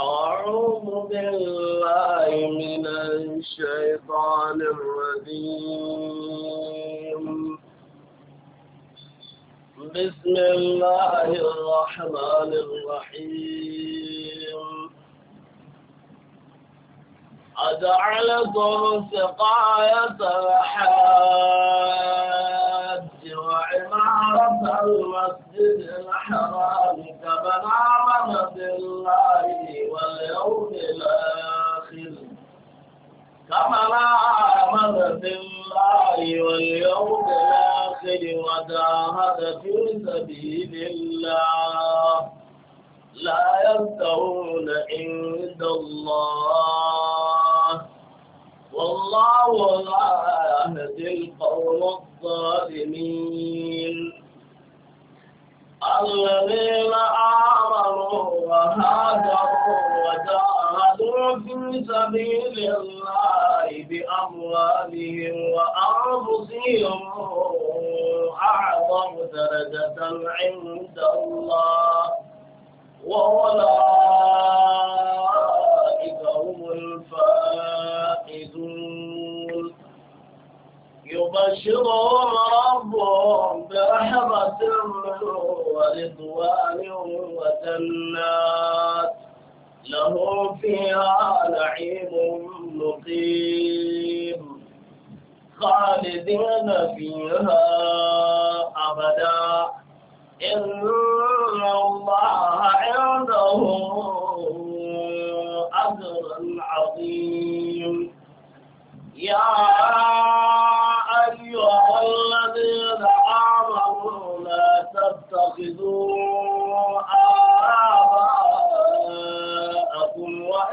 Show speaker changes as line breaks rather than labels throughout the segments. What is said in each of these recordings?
أعوذ بالله من الشيطان الرجيم بسم الله الرحمن الرحيم أجعل أجعلكم سقاية الحاج رب المسجد الحرام كمن آمن بالله واليوم الآخر كمن آمن بالله واليوم الآخر وجاهد في سبيل الله لا يستوون عند الله
والله
لا يهدي القوم الظالمين الذين آمنوا وهاجروا وجاهدوا في سبيل الله بأموالهم وأنفسهم أعظم درجة عند الله وأولئك يبشرهم ربهم برحمة منه ورضوان وجنات لهم فيها نعيم مقيم خالدين فيها أبدا إن الله عنده أجر عظيم يا تتخذوا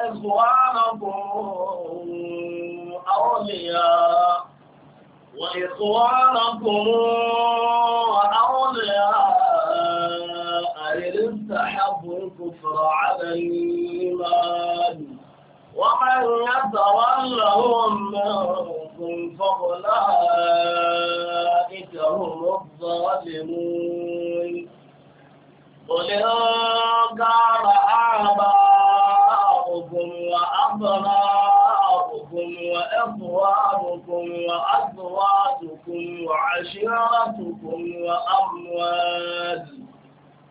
وإخوانكم أولياء وإخوانكم أولياء إن استحبوا الكفر على الإيمان ومن يتولهم منكم فأولئك هم الظالمون قل إن كان آباؤكم وأبناؤكم وإخوانكم وأزواجكم وعشيرتكم وأموال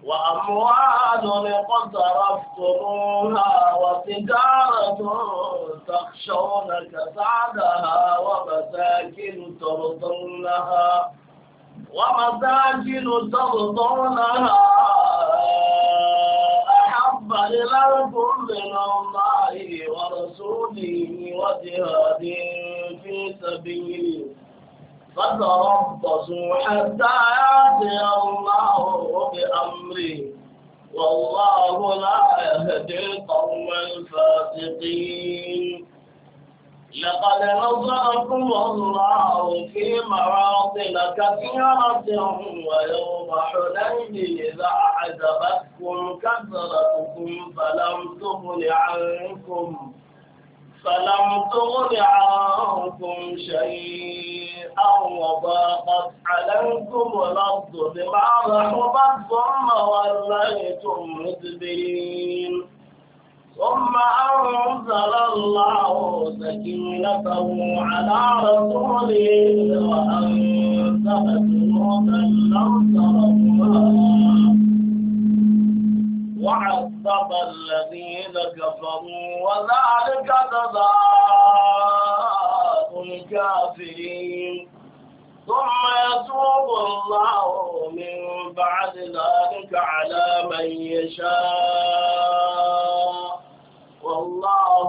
وأموال اقترفتموها وتجارة تخشون كسادها ومساكن ترضونها ومساجد ترضونها أحب إلى الكل من الله ورسوله وجهاد في سبيله فتربصوا حتى يأتي الله بأمره والله لا يهدي القوم الفاسقين لقد نصركم الله في مراطل كثيرة ويوم حنين إذا أعجبتكم كثرتكم فلم تغن عنكم فلم تغن عنكم شيئا وضاقت عليكم الأرض بما رحبت ثم وليتم مدبرين ثم أنزل الله
سكينته
على رسوله وأنزل سورة لم ترها وعذب الذين كفروا وذلك جزاء الكافرين ثم يتوب الله من بعد ذلك على من يشاء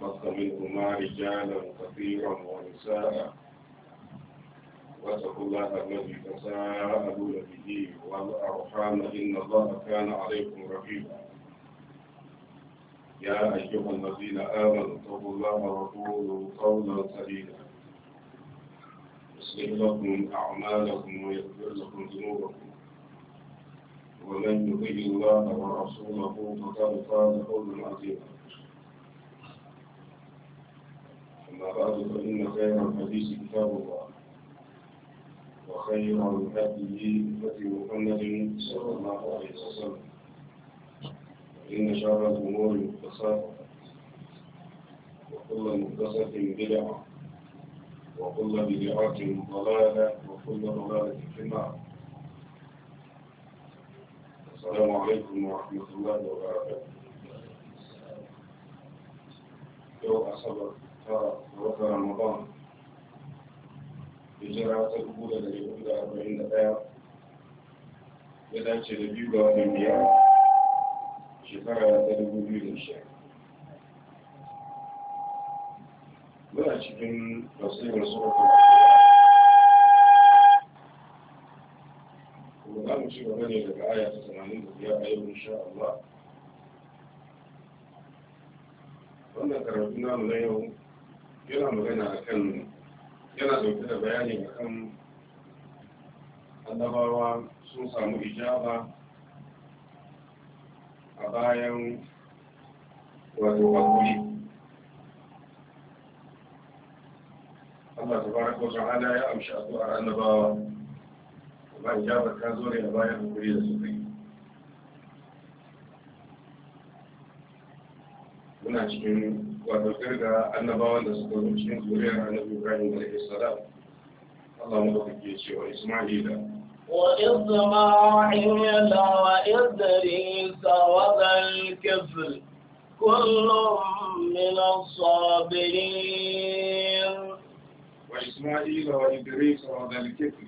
وخلق منهما رجالا كثيرا ونساء واتقوا الله الذي تساءلون به والارحام ان الله كان عليكم رقيبا يا ايها الذين امنوا اتقوا الله وقولوا قولا سديدا يصلح لكم اعمالكم ويغفر لكم ذنوبكم ومن يطيع الله ورسوله فقد فاز فوزا عظيما أما بعد فإن خير الحديث كتاب الله وخير الهدي هدي محمد صلى الله عليه وسلم وإن شر الأمور مختصرة وكل مختصرة بدعة وكل بدعة ضلالة وكل ضلالة في النار السلام عليكم ورحمة الله وبركاته يوم أصبر tara ga watan ramadan hijira ta dubu da dari hudu da arba'in da ɗaya ya dace da biyu ga watan biyar shekara ta dubu biyu da sha muna cikin tasirin suratun kuma za mu ci gaba ne daga aya ta tamanin da biyar a yau insha Allah wannan karatu namu na yau yana magana a kan yana dauke da bayani a kan annabawa sun samu ijaba a bayan wato wakuri Allah ta fara ko ta'ala ya amshi addu'ar annabawa amma ijaba ta zo ne a bayan wakuri da suka yi muna cikin wato kirga annabawan da suka zo cikin zuriyar annabi Ibrahim alaihi salam Allah mu da ke cewa Isma'ila
وإسماعيل وإدريس وذا الكفل كل من الصابرين
وإسماعيل وإدريس وذا الكفل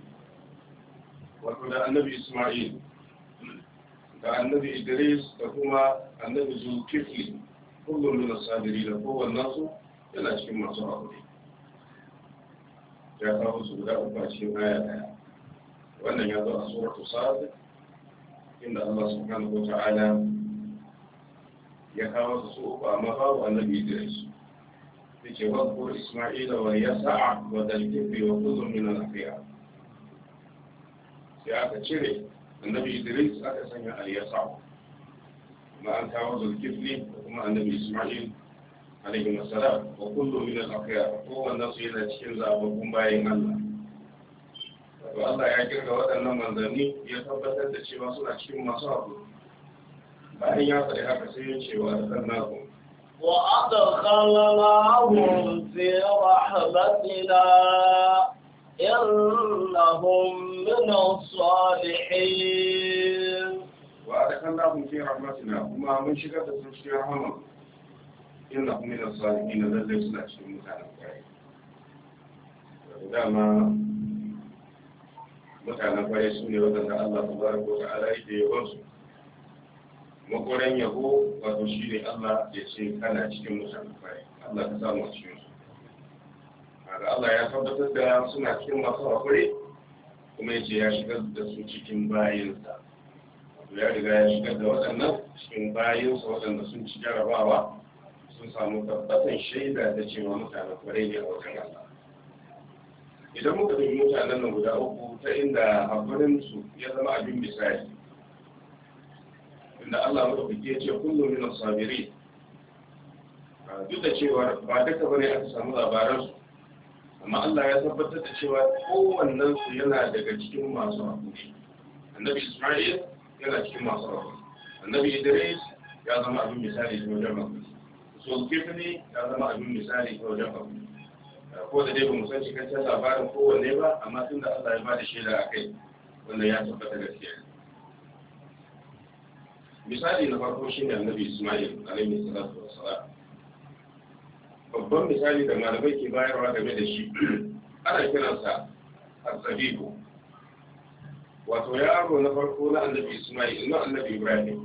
وكذا النبي إسماعيل da annabi Idris da kuma annabi Zulkifli kullum min sabiri da kowannen su yana cikin masu haƙuri ya kawo su guda uku a cikin aya ɗaya wannan ya zo a suratu sa'ad inda Allah subhanahu wa ta'ala ya kawo su uku amma babu annabi Idris yake wakko Isma'ila wa Yasa'a wa Dalkifi wa kullum min al-afiya sai aka cire annabi Idris aka sanya al-Yasa'a ما أنت عوض الكفل وما النبي إسماعيل عليه السلام وكل من الأخيار هو النصي إلى الشمزة الله to Allah ya kirga waɗannan manzanni ya tabbatar da cewa suna cikin masu haƙuri bayan ya faɗi haka sai ya ce wa adkhalnahu
wa adkhalnahum fi rahmatina
innahum dakhalnahum fi rahmatina kuma mun shigar da su cikin rahama innahum min as-salihin lallai suna cikin mutanen kwarai dama mutanen kwarai su ne waɗanda Allah tabaraka wa ta'ala yake yawan su makoran yabo wato shi ne Allah ya ce kana cikin mutanen kwarai Allah ka samu cikin su kaga Allah ya tabbatar da suna cikin masu hakuri kuma ya ce ya shigar da su cikin bayinsa ya riga ya shigar da waɗannan cikin bayansa waɗanda sun ci jarabawa sun samu tabbatan shaida da cewa mutanen kwarai ne a wajen Allah idan muka dubi mutanen nan guda uku ta inda hakurin su ya zama abin misali inda Allah madaukaki ya ce kullu min as-sabiri duk da cewa ba duka bane aka samu labaran su amma Allah ya tabbatar da cewa kowannen su yana daga cikin masu hakuri annabi Isma'il yana cikin masu rauni annabi idris ya zama abin misali ta wajen rauni zulkifli ya zama abin misali ta wajen rauni ko da dai ba mu san cikakken labarin kowanne ba amma tun da allah ya ba da shaida a kai wannan ya tabbata gaskiya misali na farko shi ne annabi ismail alaihi salatu wassalam babban misali da malamai ke bayarwa game da shi ana kiransa azabibu wato yaro na farko na annabi Ismail na annabi Ibrahim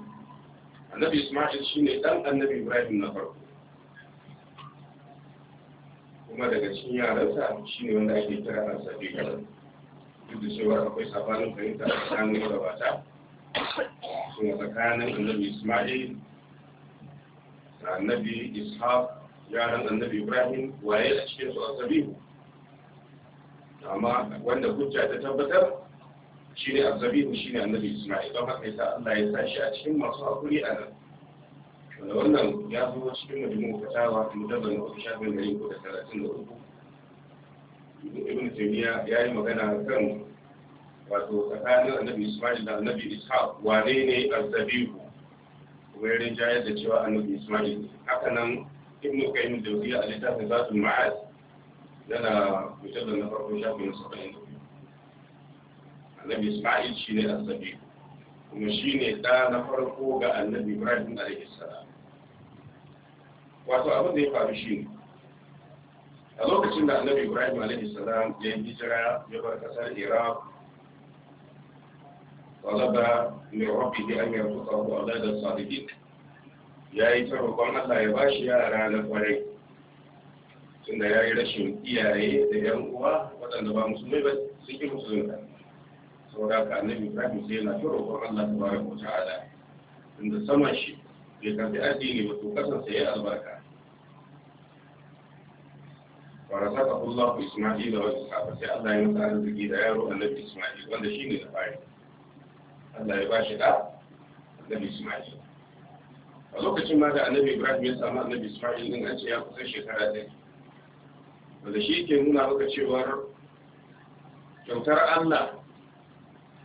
annabi Ismail shine dan annabi Ibrahim na farko kuma daga cikin yaransa shine wanda ake kira a sabiya duk da cewa akwai sabanin fahimta a tsakanin gabata kuma tsakanin annabi Ismail da annabi Ishaq yaran annabi Ibrahim waye a cikin su a sabiya amma wanda hujja ta tabbatar shi ne abzabihu shi ne annabi isma'il don haka yasa Allah ya sa shi a cikin masu hakuri a nan wanda wannan ya zo cikin majmu'u fatawa mujallal na uku shafin ɗari uku da talatin da uku ibn taymiya ya yi magana kan wato tsakanin annabi isma'il da annabi ishaq wane ne abzabihu kuma ya rinjayar da cewa annabi isma'il haka nan ibn qayyim jawziya a littafin zatul ma'ad yana mujallal na farko shafin saba'in da annabi isma'il shine dan sabi kuma shine da na farko ga annabi ibrahim alayhi salam wato abin da ya faru shine a lokacin da annabi ibrahim alayhi salam من ربه ان يرزقه اولادا صالحين يا ايتر وقال الله يباش يا رانا قري سنة يا رشم ايه ايه ايه ايه ايه ايه ايه ايه ايه saboda ka annabi Ibrahim sai yana tura ko Allah tabaraka wa ta'ala inda saman shi bai karbi addini ba to kasan sai albarka ورزقه الله إسماعيل وإسحاق sai Allah ya masa arziki da yaro annabi Isma'il wanda shine da fari Allah ya bashi da annabi Isma'il a lokacin ma da annabi Ibrahim ya samu annabi Isma'il din an ce ya kusa shekara ɗaya wanda shi ke nuna maka cewar kyautar Allah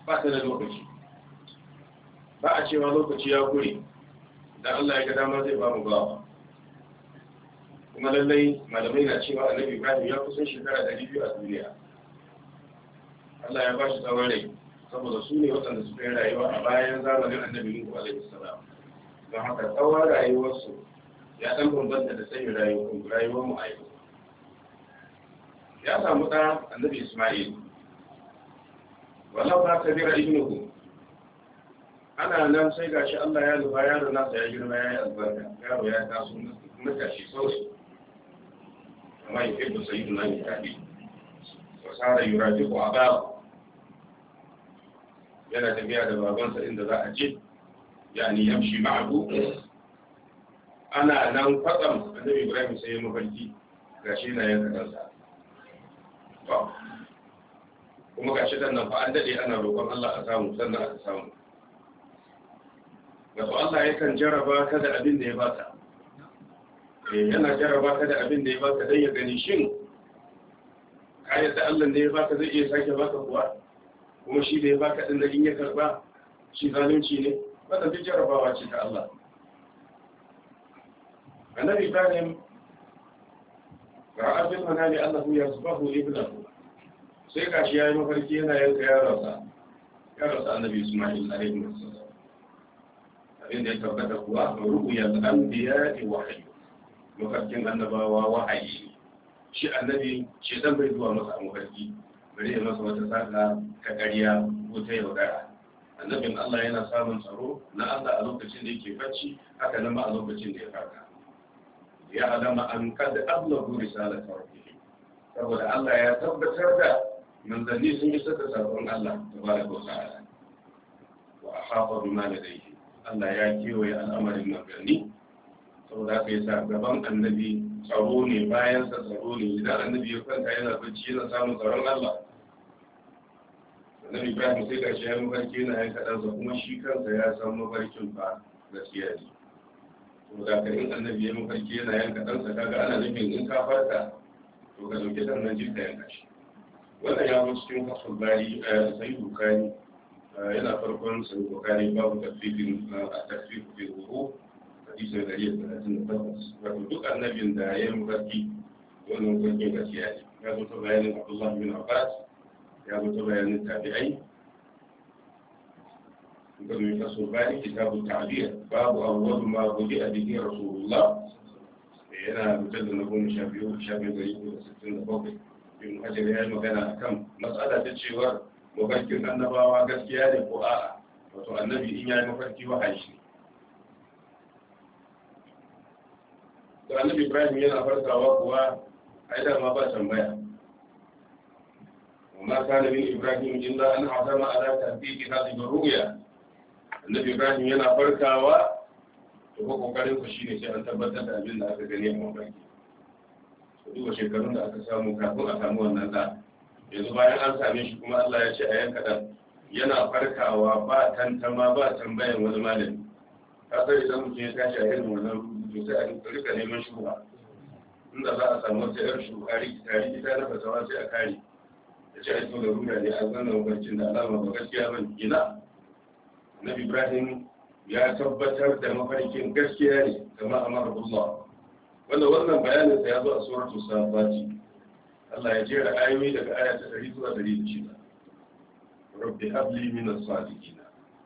ba ta da lokaci ba a cewa lokaci ya gure da Allah ya ga dama zai ba mu ba kuma lallai malamai na cewa annabi Ibrahim ya kusan shekara 200 a duniya Allah ya ba shi tsawarai saboda su ne waɗanda suka yi rayuwa a bayan zamanin annabi Nuhu alaihi salam don haka tsawon rayuwarsu ya ɗan bambanta da sanya rayuwar mu a yau ya samu ɗa annabi Isma'il wala ba ta ibnu ku ana nan sai gashi Allah ya ya yaro nasa ya girma ya yi albarka yaro ya taso matashi sauri. amma ya da busa yi nan ya tafi sara yuraji ku aba yana tafiya da babansa inda za a ce yani yamshi ma'abu ana nan kwatsam annabi ibrahim sai ya mafarki gashi na yanka kansa kuma ga shi nan fa an dade ana roƙon Allah a samu sannan aka samu ga fa Allah yakan jaraba ka da abin da ya baka eh yana jaraba ka da abin da ya baka dan ya gani shin kayan da Allah da ya baka zai iya sake baka kuwa kuma shi da ya baka din da in ya karba shi zalunci ne wannan duk jarabawa ce ta Allah annabi Ibrahim ra'a bil manami annahu yasbahu ibnahu sai kashi shi ya yi mafarki yana yanka yaronsa yaronsa annabi ismail alaihi wasallam abin da ya tabbata kuwa ru'yal anbiya'i wahyu mafarkin annabawa wahayi shi annabi shi zan bai zuwa masa mafarki bari ya masa wata saka ta ƙarya ko ta yaudara annabin Allah yana samun tsaro na Allah a lokacin da yake bacci haka nan a lokacin da ya farka ya alama an kada ablagu risalatar saboda Allah ya tabbatar da manzanni sun yi saka sabon Allah da ba da bauta ala wa a hafa bima da dai Allah ya kewaye al'amarin manzanni saboda haka sa gaban annabi tsaro ne bayan sa tsaro ne idan annabi ya kwanta yana bacci yana samun tsaron Allah annabi Ibrahim sai ga shi ya mafarki yana yanka ɗansa kuma shi kansa ya san mafarkin ba gaskiya ne to da ka in annabi ya mafarki yana yanka ɗansa kaga ana nufin in ka farka to ka ɗauki ɗan nan jirka yanka shi wannan ya zo cikin hasan bari sai bukari yana farkon sai bukari babu tafsirin a tafsirin fil ruhu hadisi da yake da tun tabbas wato duk annabin da ya yi mafarki wannan mafarkin gaskiya ne ya zo ta bayanin Abdullah bin Abbas ya zo ta bayanin tabi'ai kuma mai hasan bari kitabu ta'bir babu awwal ma budi'a bihi rasulullah yana mujallar na goma sha biyu sha biyu da sittin da bakwai bin hajar ya yi magana a kan matsala ta cewar mafarkin annabawa gaskiya ne ko a'a wato annabi in ya yi mafarki wahayi ne da annabi ibrahim yana farkawa kuwa a ai dama ba tambaya وما كان من إبراهيم إلا أن عزم على تحقيق هذه الرؤيا النبي Ibrahim yana farkawa to ko kokarin ku shi ne sai an tabbatar da abin da aka gani a mafarki duba shekarun da aka samu kafin a samu wannan da yanzu bayan an same shi kuma Allah ya ce a yanka dan yana farkawa ba tantama ba tambayan wani malami ka sai idan mutum ya tashi a irin wannan rubutu sai a rika neman shuba inda za a samu wata yar shuba rikita rikita na fasawa sai a kare ya ce aiko da ruga ne a zanna mabarcin da alama ba gaskiya ba gina na ibrahim ya tabbatar da mafarkin gaskiya ne kamar a marar wanda wannan bayanin sa ya zo a suratul safati Allah ya jira ayoyi daga aya ta 100 zuwa 106 rabbi habli min as sadiqin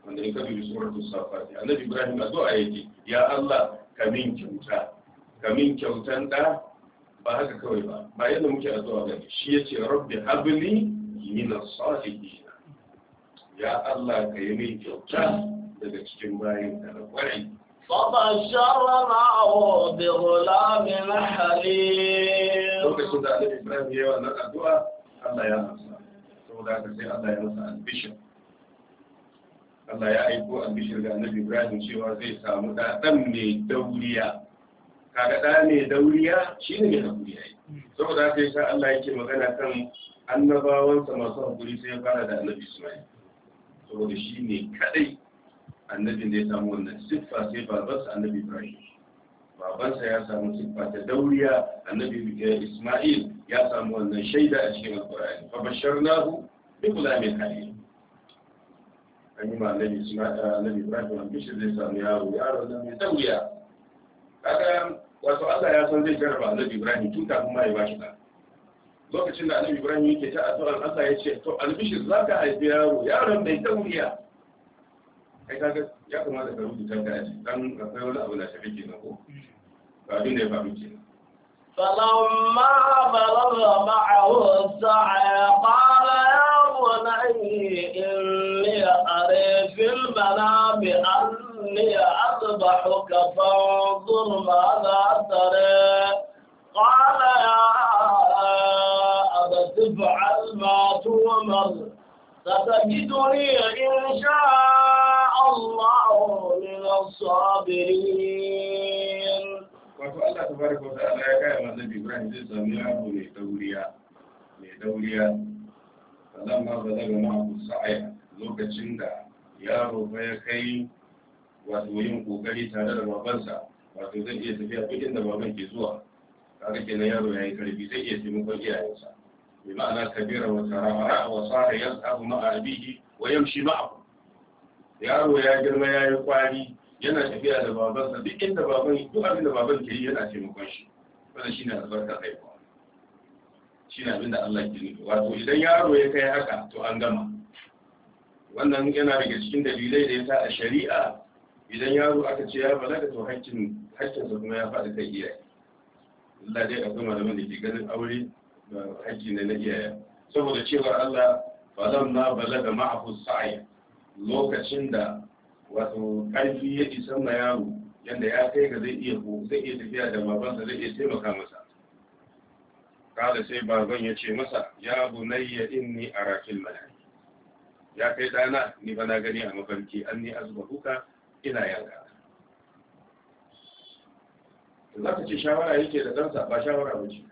wanda ya kabi suratul safati annabi Ibrahim addu'a ayati ya Allah ka min kyauta ka min kyautan da ba haka kawai ba ba yadda muke addu'a gani shi yace rabbi habli min as sadiqin ya Allah ka yi min kyauta daga cikin bayin ka na kwarai
فبشرناه بغلام حليم
lokacin da Annabi Ibrahim ya yi wannan addu'a Allah ya amsa saboda haka sai Allah ya Allah ya Annabi Ibrahim cewa zai samu mai dauriya kaga da mai dauriya shine mai saboda haka yasa Allah yake magana kan annabawansa masu hakuri sai ya fara da Annabi Ismail saboda shi ne kadai annabin da ya samu wannan siffa sai babansa annabi ibrahim babansa ya samu siffa ta dauriya annabi isma'il ya samu wannan shaida a cikin alkurani fa basharnahu bi gulamin khalil an yi ma annabi isma'il eh, annabi ibrahim an bishi zai samu yaro yaro nan mai dauriya kaga wato Allah ya san zai jarraba annabi ibrahim tun kafin ma ya bashi da lokacin da annabi ibrahim yake ta addu'a Allah ya ce to albishir zaka haifi yaro yaron mai dauriya
فلما بلغ معه السعي قال يا بني إني أري في المنام أني أذبحك فانظر ماذا تري قال يا أبت افعل ما تؤمر ستجدني إن شاء الله من
الصابرين wato Allah ta fara wa Allah ya kaya wa Annabi Ibrahim zai sami yaro mai dauriya mai dauriya sannan ma ba daga ma ku sa'aya lokacin da yaro ba ya kai wato yin kokari tare da babansa wato zai iya tafiya duk inda baban ke zuwa kaga kenan yaro ya yi karfi zai iya taimakon iyayensa bi ma'ana kabira wa tarawa wa sara yasabu ma'a abihi wa yamshi ma'ahu yaro ya girma ya yi kwari yana tafiya da babansa duk inda baban duk abin da baban ke yi yana taimakon shi wannan shine albarka haihuwa shine abin da Allah ke nufi wato idan yaro ya kai haka to an gama wannan yana daga cikin dalilai da yasa a shari'a idan yaro aka ce ya balaga to haƙƙin haƙƙinsa kuma ya faɗi kai iyaye Allah dai akwai malaman da ke ganin aure da haƙƙi ne na iyaye saboda cewar Allah falamma balaga ma'ahu sa'i lokacin da wato ƙarfi ya isa ma yaro yadda ya kai ga zai iya ko zai iya tafiya da babansa zai iya taimaka masa kada sai baban ya ce masa ya bunayya inni rakin malai ya kai dana ni bana gani a mafarki an ni azbahuka ina yanka za ka ce shawara yake da ɗansa ba shawara ba ce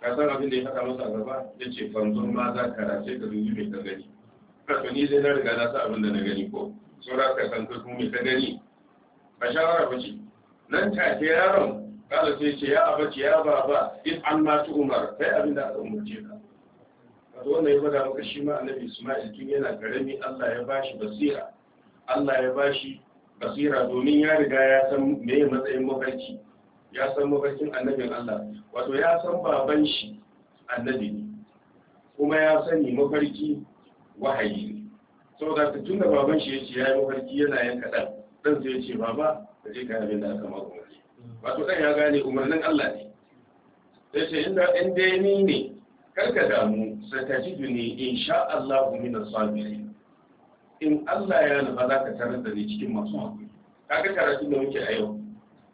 ka san abin da ya faɗa masa gaba ya ce fanzon ma za ka race ka dubi mai ka gani kasu ni zai na riga na sa abin da na gani ko saura ka san kai kuma ka gani ba shawara ba ce nan ce yaron kala sai ce ya abaci ya baba in an ma tu umar kai abin da aka umarce ka wato wannan ya faɗa maka shi ma annabi isma'il tun yana karami Allah ya bashi basira Allah ya bashi basira domin ya riga ya san me matsayin mafarki ya san mafarkin annabin Allah wato ya san baban shi annabi ne kuma ya sani mafarki wahayi saboda ka tun da baban shi yake yayi mafarki yana yanka dan dan zai ce baba ka zai ka abin da aka maka umarni wato dan ya gane umarnin Allah ne sai ce inda in dai ni ne karka damu satajiduni insha Allah min as in Allah ya nufa za ka tarar da ni cikin masu hakuri kaga karatu da muke a yau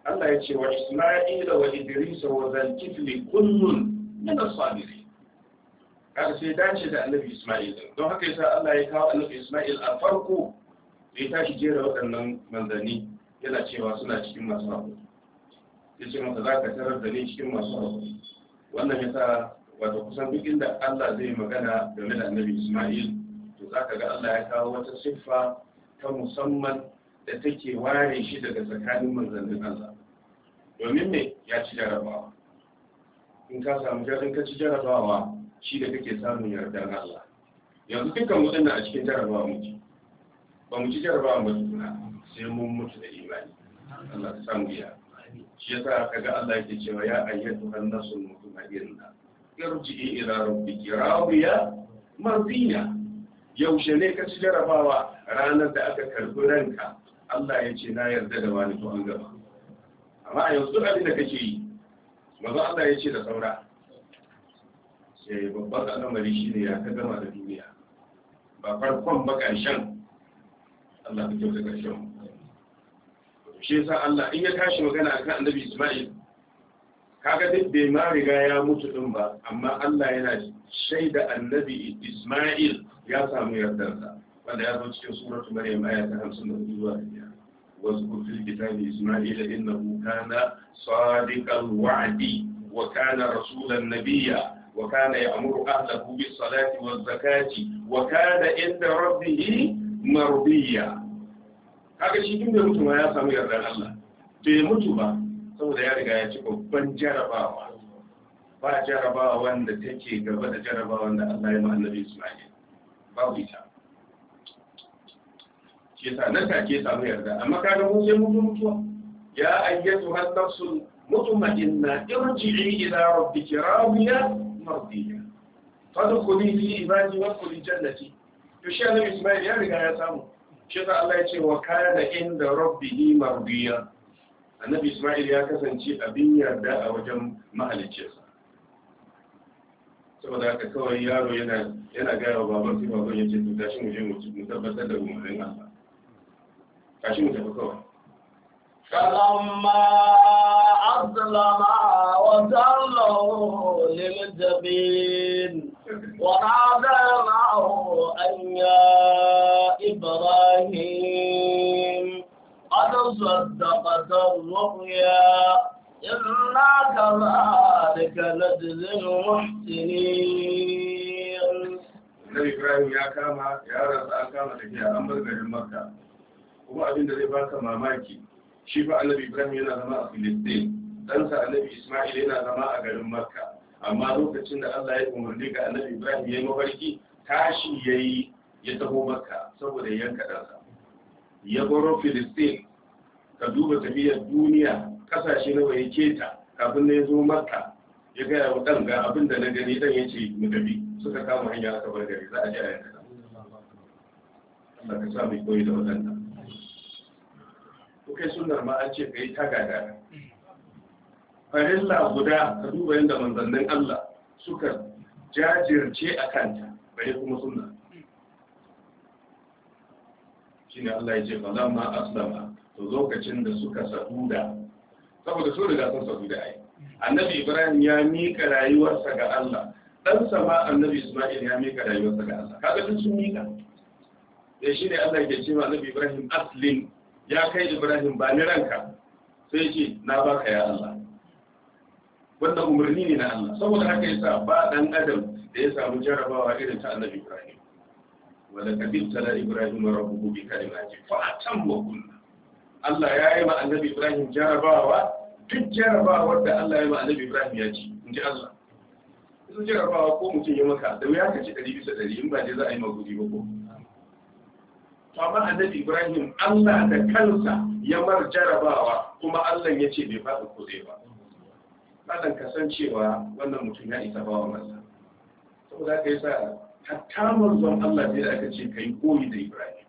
Allah ya ce wa Isma'ila wa Idris wa Zulkifli kullun min as kaga sai dace da annabi Ismail don haka yasa Allah ya kawo annabi Ismail a farko ya tashi jera waɗannan manzanni yana cewa suna cikin masu haƙuri ya ce maka za ka tarar da ni cikin masu haƙuri wannan ya sa wato kusan duk inda Allah zai magana game da annabi Ismail to za ka ga Allah ya kawo wata siffa ta musamman da take ware shi daga tsakanin manzannin Allah domin me ya ci jarabawa in ka samu jarin ka ci jarabawa shi da kake samun yardar Allah yanzu dukkan mutum a cikin jarabawa muke ba mu ci jarabawa ba tukuna sai mun mutu da imani Allah ta samu ya shi yasa kaga Allah yake cewa ya ayyatu annasul mutmainna irji'i ila rabbiki radiya marziya yaushe ne ka ci jarabawa ranar da aka karbi ranka Allah ya ce na yarda da wani to an gaba amma a yanzu abin da kake yi maza Allah ya ce da saura Eh, babban al'amari shi ne ya ka gama da duniya ba farkon ba ƙarshen Allah ka kyauta ƙarshen shi yasa Allah in ya tashi magana akan annabi Ismail kaga duk bai ma riga ya mutu din ba amma Allah yana shaida annabi Ismail ya samu yardarsa wanda ya zo cikin suratu Maryam aya ta 54 zuwa 5 واذكر في الكتاب إسماعيل إنه كان صادق الوعد وكان رسولا نبيا وكان يأمر أهله بالصلاة والزكاة وكان عند ربه مرضيا Haka shi tun da mutum ya samu yardar Allah bai mutu ba saboda ya riga ya ci babban jarabawa ba jarabawa wanda take gaba da jarabawa wanda Allah ya ma annabi Isma'il babu ita shi yasa nan take samu yarda amma kaga mun mutu mutuwa ya ayyatu hadasul mutmainna irji'i ila rabbiki radiya مرضية فادخلي في إيماني وادخلي جنتي to shi annabi Ismail ya riga ya samu shi da Allah ya ce wa kana inda rabbihi mardiya annabi Ismail ya kasance abin yarda a wajen mahaliccinsa saboda haka kawai yaro yana yana gaya wa baban sai baban ya ce to tashi mu je mu tabbatar da umarnin Allah tashi mu tafi kawai
فلما أظلما وتولوا للجبين وناديناه أن يا إبراهيم قد صدقت الرؤيا إنا كذلك نجزي المحسنين.
Ibrahim ya kama yaron an kama tafiya an bar Makka kuma abin da zai baka mamaki shi fa Annabi Ibrahim yana zama a Filistin Danta annabi Ismail yana zama a garin Makka amma lokacin da Allah ya umarni ga annabi Ibrahim ya yi mafarki tashi ya yi ya taho Makka saboda yanka ɗansa ya baro Filistin ka duba tafiyar duniya kasashe nawa ya keta kafin na ya zo Makka ya gaya wa ɗan ga abin da na gani ɗan ya ce mu suka kama hanya aka bar gari za a ji a yanka Allah ka sa mai koyi da waɗannan. Kukai sunar ma an ce ka yi tagada farilla guda ka duba yadda manzannin Allah suka jajirce a kanta bai kuma sunna ne Allah ya ce ma aslama to lokacin da suka saduda saboda su riga sun da ai annabi Ibrahim ya mika rayuwarsa ga Allah dan sama annabi Isma'il ya mika rayuwarsa ga Allah kaga duk sun mika eh, shi ne Allah ya ce wa annabi Ibrahim Aslin ya kai Ibrahim ba ni ranka sai ce na baka ya Allah wannan umarni ne na Allah saboda haka yasa ba dan adam da ya samu jarabawa irin ta Annabi Ibrahim wala kabil tala Ibrahim rabbuhu bi kalimati fa atamma kullu Allah ya yi ma Annabi Ibrahim jarabawa duk jarabawa da Allah ya yi ma Annabi Ibrahim ya ci inji Allah sun jarabawa ko mutum ya maka da wuya ka ci ɗari bisa ɗari in ba je za a yi magudi ba ko to amma Annabi Ibrahim Allah da kansa ya mar jarabawa kuma Allah ya ce bai faɗi ko zai ba malam kasancewa wannan mutum ya isa bawa masa saboda ka yi sa hatta manzon Allah zai aka ce ka yi koyi da Ibrahim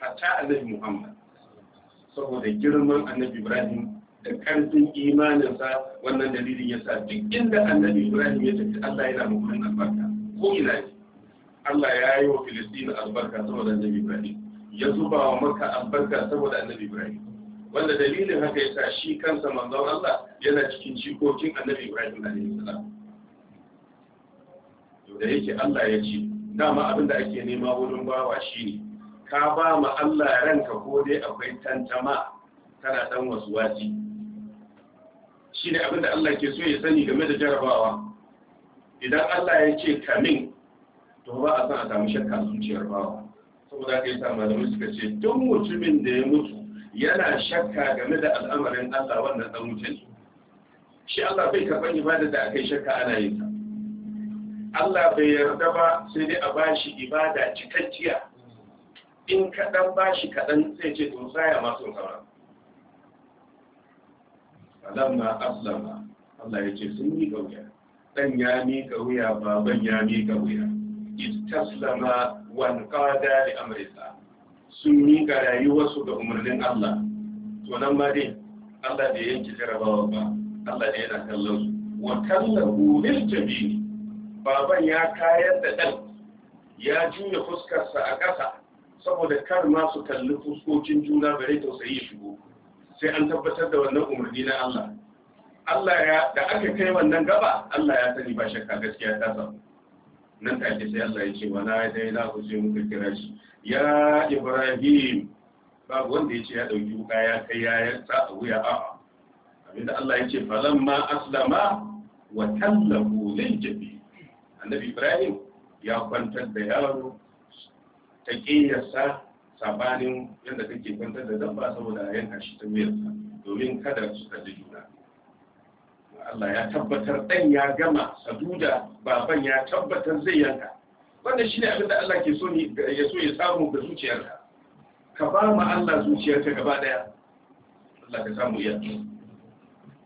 hatta annabi Muhammad saboda girman annabi Ibrahim da karfin imaninsa wannan dalilin ya sa duk inda annabi Ibrahim ya tafi Allah yana mukunin albarka ko ina ne Allah ya yi wa Filistin albarka saboda annabi Ibrahim ya zuba wa Makka albarka saboda annabi Ibrahim wanda dalilin haka yasa shi kansa manzon Allah yana cikin jikokin annabi Ibrahim alaihi salam to da yake Allah ya ce dama abin da ake nema wurin bawa shine ka ba ma Allah ranka ko dai akwai tantama kana dan wasu wasuwaji shine abin da Allah ke so ya sani game da jarabawa idan Allah ya ce kamin to ba a san a samu shakka zuciyar bawa saboda haka yasa malamai suka ce duk mutumin da ya mutu yana shakka game da al'amarin Allah wannan dan mutum shi Allah bai karɓar ibada da akai shakka ana yin ta Allah bai yarda ba sai dai a bashi ibada cikakkiya in kaɗan bashi kaɗan sai ce to saya masu kama alamma aslama Allah ya sun yi gauya dan ya mi gauya baban ya miƙa gauya istaslama wan qada li amrillah sun miƙa rayuwarsu ga umarnin Allah to nan ma dai Allah bai yanke jarabawa ba Allah ne yana kallon su wa kallahu lil jabini baban ya kayar da dan ya juya fuskarsa a ƙasa saboda kar ma su kalli fuskokin juna bare tausayi shigo sai an tabbatar da wannan umarni na Allah Allah ya da aka kai wannan gaba Allah ya sani ba shakka gaskiya ta samu nan take sai Allah ya ce wala dai la ku sai muka kira shi ya ibrahim babu wanda ya ce ya ɗauki wuka ya kai ya sa a wuya a'a abinda Allah ya ce ma aslama wa tallahu lil jabi annabi ibrahim ya kwantar da yaro ta kiyasa sabanin yadda kake kwantar da dabba saboda yanka shi ta wuyarsa domin kada su ji juna Allah ya tabbatar ɗan ya gama saduda baban ya tabbatar zai yanka wannan shine abin da Allah ke so ya ya samu ga zuciyarka ka ba ma Allah zuciyarka gaba daya Allah ka samu ya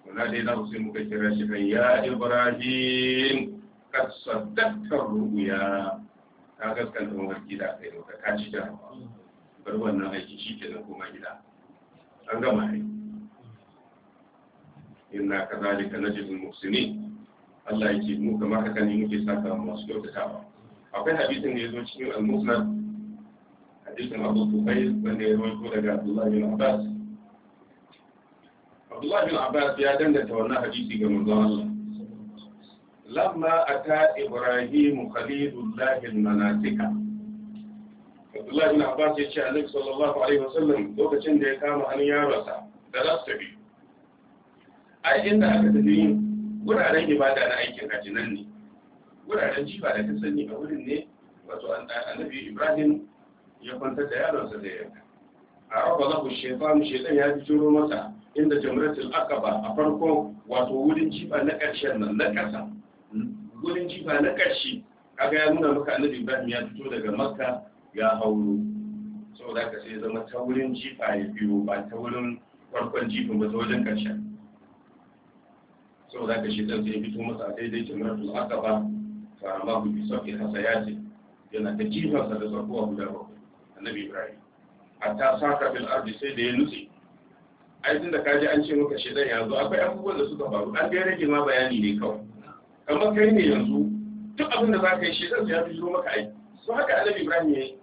wala dai na sai muka kira shi kai ya Ibrahim ka saddaka ruya ka gaskanta wannan gida kai ka kaci da bar wannan aiki shi ke koma gida an gama ne inna kadhalika najzil muhsinin Allah yake mu kamar haka ne muke saka masu kyautatawa akwai hadisin da ya zo cikin al-musnad hadisin abu tufai wanda ya rawaito daga abdullahi bin abbas abdullahi bin abbas ya danganta wannan hadisi ga manzon Allah lamma ata ibrahim khalilullah al-manasika abdullahi bin abbas ya ce annabi sallallahu alaihi wasallam lokacin da ya kama an yaronsa da rastabi ai inda aka tafi wuraren ibada na aikin hajji nan ne wuraren jifa da kan sani a wurin ne wato annabi ibrahim ya kwantar da yaronsa da yanka a raba lahu shefanu shedan ya bijiro masa inda jamratul akaba a farko wato wurin jifa na karshe nan na kasa wurin jifa na karshe kaga ya nuna maka annabi ibrahim ya fito daga makka ya hauro saboda ka sai zama ta wurin jifa ya biyo ba ta wurin farkon jifin ba ta wajen ƙarshen saboda ka shedan sai ya fito masa daidai jamratul akaba fa Allah bi sabbi hasayati yana ta jifarsa da zarkuwa guda bakwai annabi Ibrahim hatta saka bil ardi sai da ya nutse ai tunda ka ji an ce maka shedan yanzu akwai abubuwan da suka faru an dai rage ma bayani ne kawai kamar kai ne yanzu duk abin da za ka yi shedan ya fi maka ai su haka annabi Ibrahim ya yi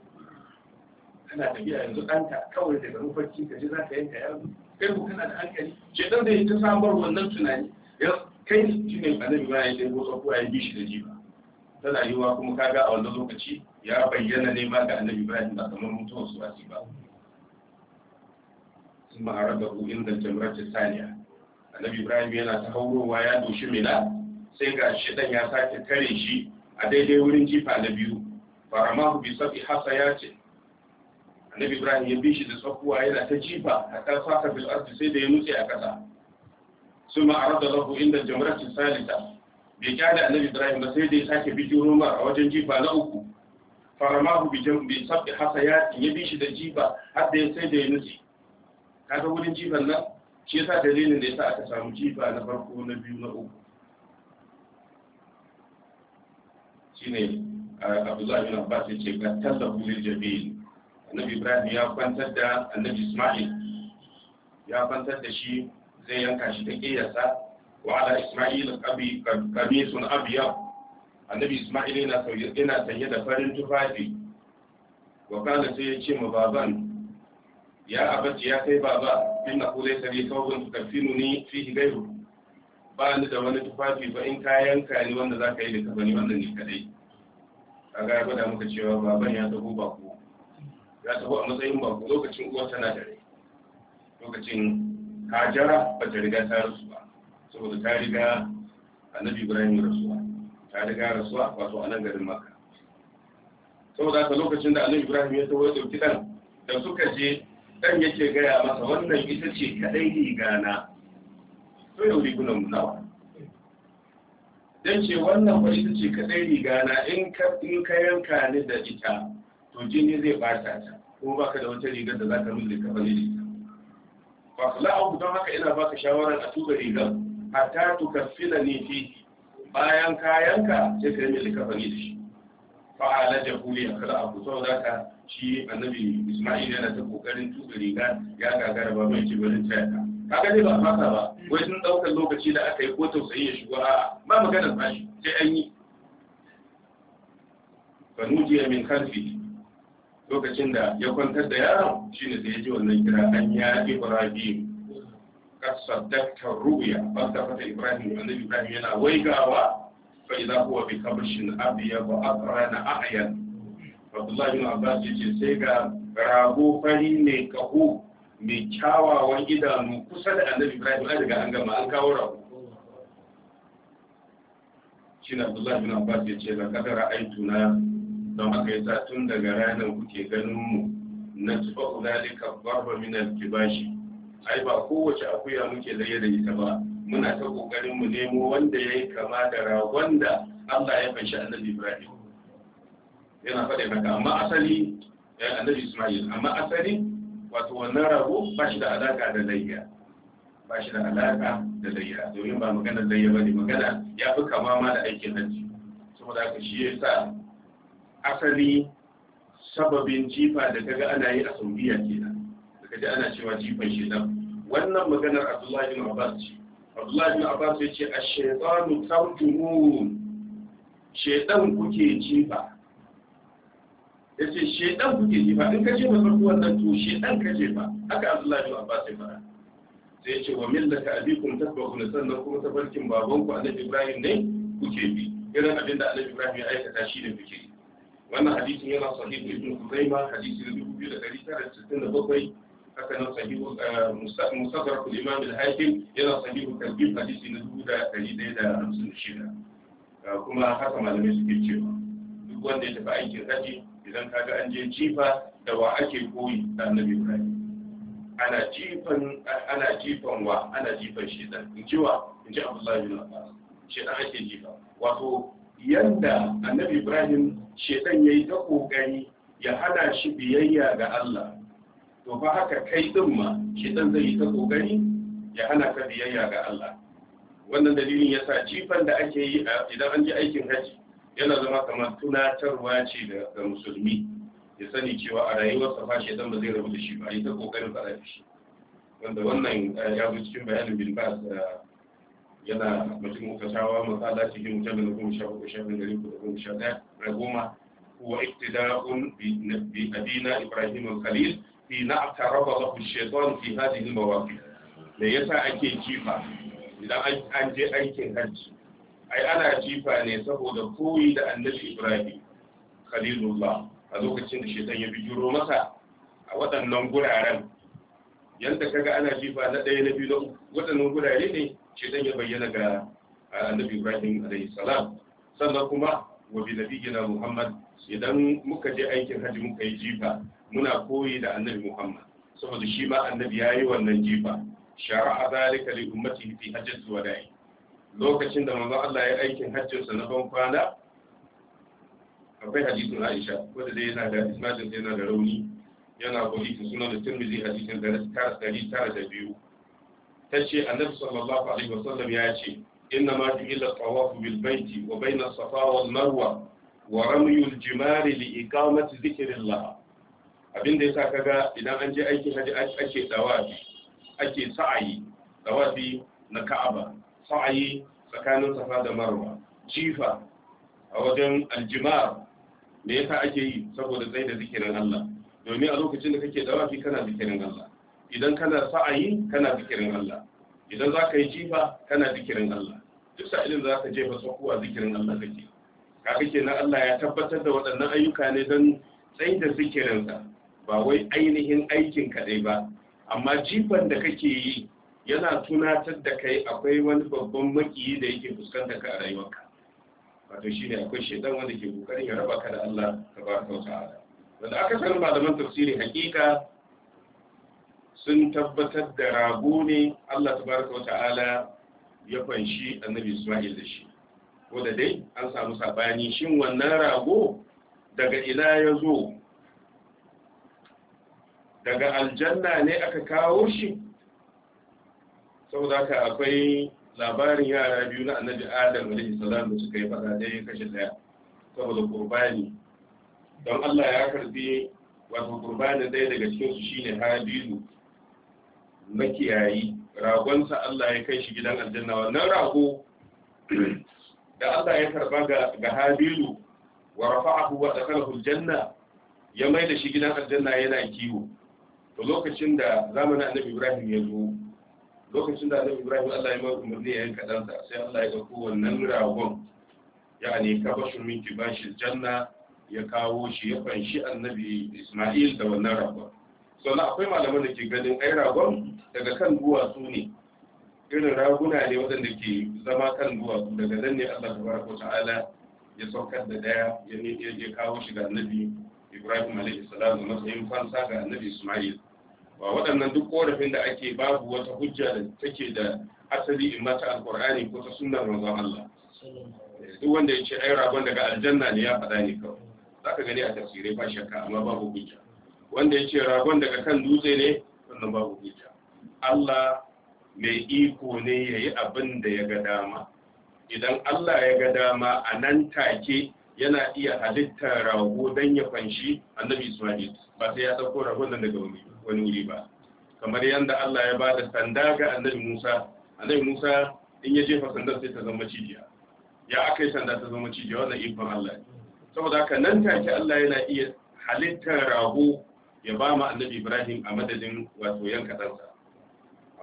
kana tafiya yanzu ɗanka kawai daga mafarki ka ji za ka yanka yanzu kai ko kana da hankali shedan da ya ta samar wannan tunani ya kai shi ne annabi ma ya yi ko tsakuwa ya bi shi da jiba tana yiwuwa kuma kaga a wannan lokaci ya bayyana ne ma ga annabi ibrahim da kamar mutuwar su asi ba sun ma'arar da ku inda jamratin saniya annabi ibrahim yana ta haurowa ya doshi mila sai ga shidan ya sake kare shi a daidai wurin jifa na biyu barama bi sabi hasa ya ce annabi ibrahim ya bi shi da tsakuwa yana ta jifa a kan saka bil ardi sai da ya nutse a kasa sun ma'arar da ku inda jamratin salisa bai kyada annabi ibrahim ba sai da ya sake bijiro ma a wajen jifa na uku faramahu bi jambi sabbi hasayati ya bi shi da jifa har da sai da ya nutse kaga wurin jifan nan shi yasa dalilin da yasa aka samu jifa na farko na biyu na uku shine abdullahi bin ba ya ce ga tasabu lil jami'in? annabi ibrahim ya kwantar da annabi isma'il ya kwantar da shi zai yanka shi da kiyarsa وعلى إسماعيل أبي قميص أبيض النبي إسماعيل yana sanye da farin tufafi wa kana sai ya ce ma baban ya abaci ya kai baba inna ku laysa li thawbin tukaffinuni fihi ba ni da wani tufafi ba in kayan ka ne wanda zaka yi da ka wannan ne kadai kaga ya gwada muka cewa baban ya taho ko. ya taho a matsayin ko lokacin uwa tana da rai lokacin hajara ba ta riga ta rasu ba saboda ta riga annabi ibrahim rasuwa ta riga rasuwa wato a nan garin maka saboda haka lokacin da annabi ibrahim ya tawo ya dauki dan da suka je dan yake gaya masa wannan ita ce kadai na. to yau rigunan mu nawa dan ce wannan ba ita ce kadai rigana in ka in ka yanka ni da ita to jini zai bata ta ko baka da wata rigar da zaka ka bane ita fa la'u don haka ina baka shawara a tuba rigar hatta tukaffila ni fi bayan kayanka sai ka yi likafani da shi fa ala hu ya kala abu saboda ka shi annabi Isma'il yana ta kokarin tuka riga ya gagara ba mai jibirin tsaya Ka dai ba fasa ba wai sun daukar lokaci da aka yi ko tausayi ya shigo a'a ba magana ba shi sai an yi fanujiya min kalfi lokacin da ya kwantar da yaron shine sai ya ji wannan kira an ya ibrahim kasar daktar ruya ba ta fata ibrahim annabi ibrahim yana waigawa fa idza huwa bi kabshin abyad wa aqrana ahyan abdullahi bin abbas yace sai ga rago fari ne kaho mai kyawawan idanu kusa da annabi ibrahim an daga an gama an kawo rago shine abdullahi bin abbas yace la kadara na, don haka yasa tun daga ranar kuke ganin mu na tuba ulalika barba min al-kibashi ai ba kowace akuya muke laye da ita ba muna ta kokarin mu nemo wanda ya yi kama da ragon da Allah ya fanshi annabi Ibrahim yana faɗa haka amma asali annabi Ismail amma asali wato wannan rago ba shi da alaka da layya ba shi da alaka da layya domin ba maganar layya ba ne magana ya fi kama ma da aikin hajji saboda haka shi ya sa asali sababin jifa da kaga ana yi a saudiya ke ji ana cewa jifan shaitan wannan maganar abdullahi bin abbas ce abdullahi bin abbas ya ce ash-shaytanu tarjumun shaitan kuke jifa ya ce shaitan kuke jifa in ka ba farko wannan to shaitan ka ba haka abdullahi bin abbas ya fara sai ya ce wa millaka abikum tasbahuna sannan kuma tafarkin babanku annabi ibrahim ne kuke bi irin abin da annabi ibrahim ya aikata shi ne kuke wannan hadisin yana sahihu ibn Khuzaimah hadisi da 2967 haka nan sahihu eh, musadar kul imam al yana sahihu kalbi hadisi na dubu da ɗari ɗaya da hamsin da shida eh, kuma haka malamai suke cewa duk wanda ya tafi aikin haji idan kaga an je jifa da wa ake koyi da annabi ibrahim ana jifan ana jifan wa ana jifan shi da. in ji wa in ji abdullahi bin abbas shi dan ake jifa wato yanda annabi ibrahim shedan yayi ta kokari ya hada shi biyayya ga Allah to fa haka kai din ma shi dan zai yi ta kokari ya hana ka biyayya ga Allah wannan dalilin yasa jifan da ake yi idan an ji aikin haji yana zama kamar tunatarwa ce ga musulmi ya sani cewa a rayuwarsa fa shi dan ba zai rabu da shi ba yi ta kokarin fara da shi wanda wannan ya zo cikin bayanin bin ba yana mutum uka shawa matsala cikin mutum da goma sha uku shafin gari da goma sha ɗaya goma huwa iktida'un bi abina ibrahim al hina aqtaraba lahu ash-shaytan fi hadhihi al me yasa ake jifa idan an je aikin hajji ai ana jifa ne saboda koyi da annabi Ibrahim khalilullah a lokacin da shaytan ya bijiro masa a waɗannan guraren yanda kaga ana jifa na ɗaya na biyu na waɗannan gurare ne shaytan ya bayyana ga annabi Ibrahim alayhi salam sannan kuma wa bi nabiyina Muhammad idan muka je aikin hajji muka yi jifa muna koyi da annabi Muhammad saboda shi ma annabi ya yi wannan jifa shara'a zalika li ummatihi fi hajjatil wada'i lokacin da manzon Allah ya aikin hajjinsa na ban kwana akwai hadisin Aisha wanda dai yana da isnadin yana da rauni yana hadisin sunan da Tirmidhi hadisin da da biyu. ta ce annabi sallallahu alaihi wasallam ya ce inna ma ju'ila tawafu bil baiti wa bayna safa wal marwa wa ramyul jimari li iqamati dhikrillah abin da yasa kaga idan an je aikin haji ake dawafi ake sa'ayi dawafi na Ka'aba sa'ayi tsakanin Safa da Marwa jifa a wajen aljimar me yasa ake yi saboda tsaye da zikirin Allah domin a lokacin da kake dawafi kana zikirin Allah idan kana sa'ayi kana zikirin Allah idan za ka yi jifa kana zikirin Allah duk sa'ilin za ka jefa tsakuwa zikirin Allah kake kaka kenan Allah ya tabbatar da waɗannan ayyuka ne don tsaye da zikirinsa ba wai ainihin aikin kaɗai ba amma jifan da kake yi yana tunatar da kai akwai wani babban makiyi da yake fuskanta ka a rayuwarka wato shi ne akwai shaidan wanda ke kokarin ya raba ka da Allah tabaraka wa ta'ala wanda aka san malaman tafsiri hakika sun tabbatar da rago ne Allah tabaraka wa ta'ala ya fanshi annabi Isma'il da shi ko da dai an samu sabani shin wannan rago daga ina ya zo daga aljanna ne aka kawo shi saboda ka akwai labarin yara biyu na annabi adam alaihi salam da suka yi fada ɗaya kashe ɗaya saboda qurbani don Allah ya karbi wato qurbanin ɗaya daga cikin su shine habilu makiyayi ragonsa Allah ya kai shi gidan aljanna wannan rago da Allah ya karba ga habilu wa rafa'ahu wa dakhalahu aljanna ya mai da shi gidan aljanna yana kiwo lokacin da zamanin annabi ibrahim ya zo lokacin da annabi ibrahim allah ya mai umarni ya yanka ɗansa sai allah ya ga wannan ragon ya ne min kibashi janna ya kawo shi ya fanshi annabi isma'il da wannan ragon sau akwai malaman da ke ganin ai ragon daga kan duwatsu ne irin raguna ne waɗanda ke zama kan duwatsu daga nan ne allah ta ta'ala ya saukar da daya ya kawo shi ga annabi ibrahim alaihi salam da matsayin fansa ga annabi isma'il ba waɗannan duk korafin da ake babu wata hujja da take da asali in mata Alƙur'ani ko ta sunnar manzon Allah eh, duk wanda ya ce ai ragon daga aljanna ne ya faɗa ne kawai zaka gani a tafsirai ba shakka amma babu hujja wanda ya ce ragon daga kan dutse ne wannan babu hujja Allah mai iko ne ya yi abin da ya ga dama idan Allah ya ga dama a nan take yana iya halittar rago don ya fanshi annabi Ismail ba sai ya ɗauko ragon nan daga wani wani wuri ba kamar yadda Allah ya bada sanda ga annabi Musa annabi Musa in ya jefa sandar sai ta zama cijiya ya akai sanda ta zama cijiya wannan ikon Allah saboda haka nan take Allah yana iya halittar rago ya ba mu annabi Ibrahim a madadin wato yanka ɗansa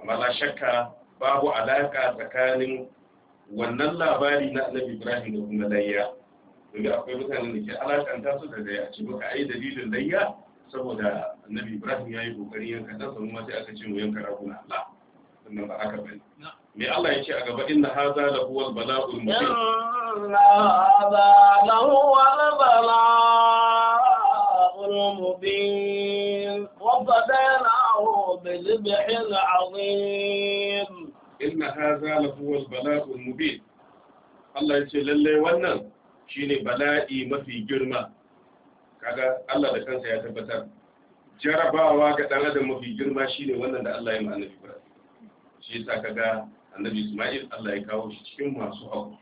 amma la shakka babu alaka tsakanin wannan labari na annabi Ibrahim da kuma layya domin akwai mutanen da ke alakanta su da daya a ci muka yi dalilin layya saboda annabi ibrahim ya yi kokarin yanka dan sa ma sai aka ce mu yanka raguna Allah sannan ba haka bane me Allah ya ce a gaba inna hadha la huwa al bala'u al mubin
inna hadha la huwa al bala'u al mubin wa badanahu bi dhibhin 'azim
inna hadha la huwa al bala'u al mubin Allah ya ce lalle wannan shine bala'i mafi girma kaga Allah da kansa ya tabbatar jarabawa ga dan adam mafi girma shine wannan da Allah ya ma annabi Ibrahim shi yasa kaga annabi Isma'il Allah ya kawo shi cikin masu hawa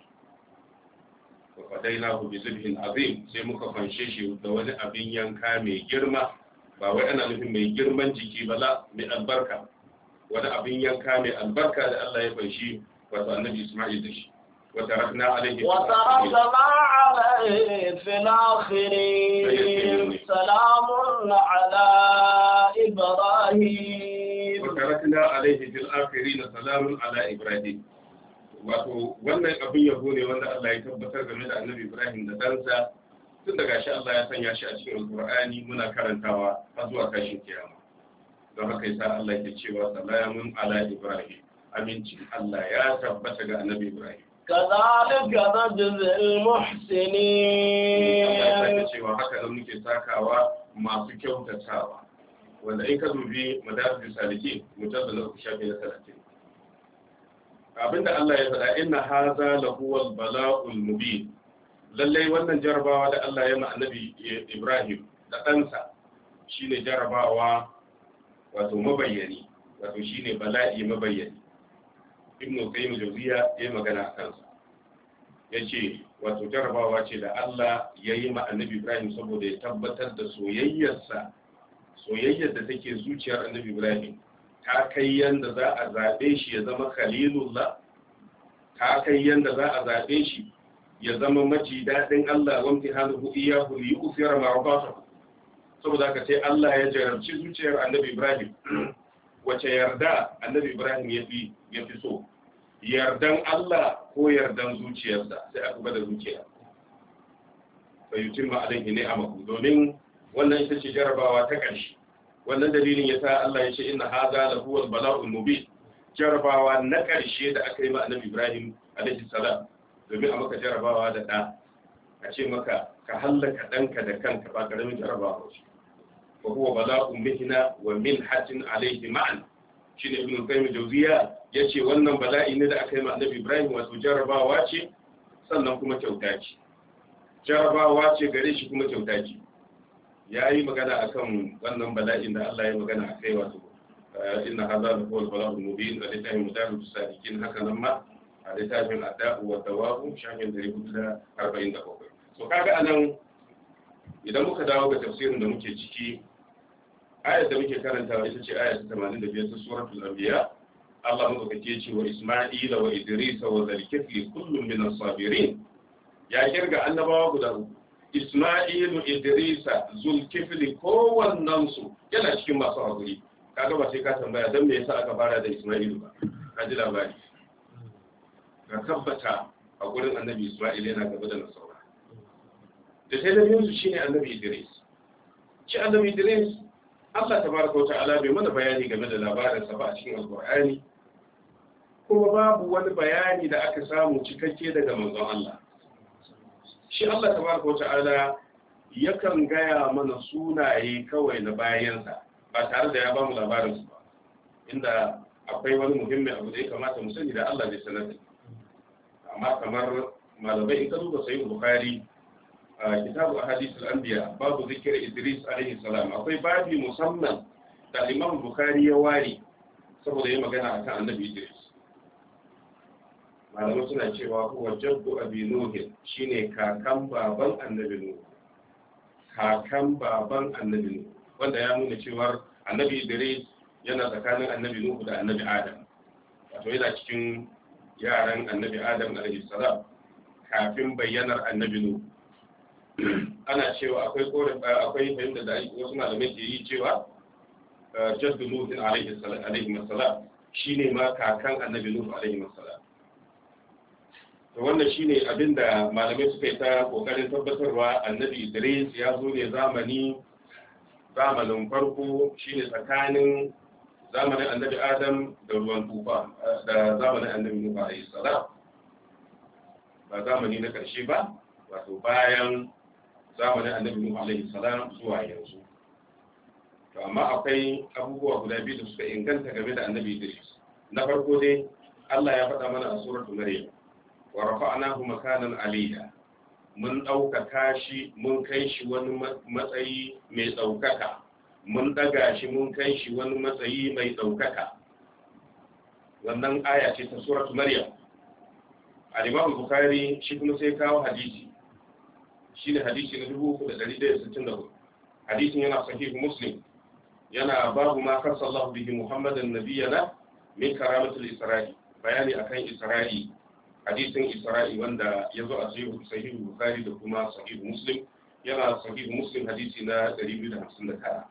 wa hu bi zibhin azim sai muka fanshe shi da wani abin yanka mai girma ba wai ana nufin mai girman jiki ba la mai albarka wani abin yanka mai albarka da Allah ya fanshi wato annabi Isma'il da shi wa tarakna alaihi wa tarakna
عليه في الآخرين سلام على إبراهيم
وتركنا عليه في الآخرين سلام على إبراهيم wato wannan abin yabo ne wanda Allah ya tabbatar game da Annabi Ibrahim da dansa tun daga shi Allah ya sanya shi a cikin Alƙur'ani muna karantawa har zuwa kashin kiyama don haka yasa Allah ke cewa salamun ala Ibrahim aminci Allah ya tabbata ga Annabi Ibrahim
كذلك نجزي
المحسنين cewa haka da muke takawa masu kyautatawa wanda in ka dubi madarij saliki mutum da zaka shafi na 30 abinda Allah ya faɗa inna haza lahuwal bala'ul mubin lallai wannan jarabawa da Allah ya ma'a'nabi Ibrahim da ɗansa shine jarabawa wato mabayyani wato shine bala'i mabayyani ibn al-qayyim jawziya yayi magana akan sa yace wato jarabawa ce da Allah yayi ma annabi Ibrahim saboda ya tabbatar da soyayyarsa soyayyar da take zuciyar annabi Ibrahim ta kai yanda za a zabe shi ya zama khalilullah ta kai yanda za a zabe shi ya zama maji dadin Allah wa imtihanuhu iyyahu li yusira ma rabata saboda ka ce Allah ya jarabci zuciyar annabi Ibrahim wace yarda annabi ibrahim ya fi ya fi so yardan allah ko yardan zuciyarsa sai aka bada zuciya fa yutimma alaihi ni'amahu domin wannan ita ce jarabawa ta ƙarshe wannan dalilin ya sa Allah ya ce inna hadha la huwa al-bala'ul mubin jarabawa na ƙarshe da aka yi ma annabi Ibrahim alaihi salam domin a maka jarabawa da da a ce maka ka hallaka danka da kanka ba karamin jarabawa ce fa huwa bala'un mihna wa milhatin alayhi ma'an shine ibn qayyim jawziya yace wannan bala'i ne da aka yi ma ibrahim wato jarabawa ce sannan kuma kyauta ce jarabawa ce gare shi kuma kyauta ce yayi magana akan wannan bala'in da Allah ya magana akai wato eh, inna hadha huwa al-bala'u mubin da littafin mudarrib sadiqin haka a wa shafin so kaga anan idan muka dawo ga tafsirin da muke ciki ayat da muke karantawa ita ce ayat 85 ta suratul anbiya Allah kace ce wa Isma'il wa Idris wa Zalkifli kullum min as-sabirin ya kirga annabawa guda uku Isma'il Idris Zulkifli wannan su yana cikin masu hakuri kaga ba sai ka tambaya dan me yasa aka fara da Isma'il ba ka ji labari ka tabbata a gurin annabi Isma'il yana gaba da nasara da sai da yanzu shine annabi Idris shi annabi Idris Allah tabaraka wata'ala bai mana bayani game da labarin sa ba a cikin alqur'ani kuma babu wani bayani da aka samu cikakke daga manzon Allah shi Allah tabaraka wata'ala yakan gaya mana sunaye kawai na bayansa ba tare da ya bamu labarin su ba inda akwai wani muhimmin abu da ya kamata mu sani da Allah bai sanar da amma kamar malamai in ka duba sahih bukhari A kitabu ahadithul anbiya babu zikir idris alaihi salam akwai babi musamman da imam bukhari ya ware saboda yi magana akan annabi idris malamai suna cewa huwa jabbu abi shi shine kakan baban annabi kakan baban annabi wanda ya nuna cewa annabi idris yana tsakanin annabi nuhu da annabi adam wato yana cikin yaran annabi adam alaihi salam kafin bayyanar annabi nuhu ana cewa akwai korin eh, akwai fahimta da wasu malamai ke yi cewa eh, jaddu lutin alaihi shi shine ma kakan annabi nuhu Alayhi masalam to wannan shine abinda malamai suka yi ta kokarin tabbatarwa annabi Idris ya zo ne zamani zamanin farko shine tsakanin zamanin annabi Adam da ruwan tufa eh, da zamanin annabi Nuhu Alayhi salam ba zamani na karshe ba wato bayan zamanin annabi Nuhu alaihi salam zuwa yanzu to amma akwai abubuwa guda biyu da suka inganta game da annabi Idris na farko dai Allah ya faɗa mana a suratul Maryam wa rafa'nahu makanan aliyya mun ɗaukaka shi mun kai shi wani matsayi mai ɗaukaka mun ɗaga shi mun kai shi wani matsayi mai ɗaukaka wannan aya ce ta suratul Maryam al-Imam Bukhari shi kuma sai kawo hadisi shine hadisi na 3164 hadisin yana sahih muslim yana babu ma sallahu bihi muhammadan nabiyana min karamatul isra'i bayani akan isra'i hadisin isra'i wanda ya zo a sahih bukhari da kuma sahih muslim yana sahih muslim hadisi na 259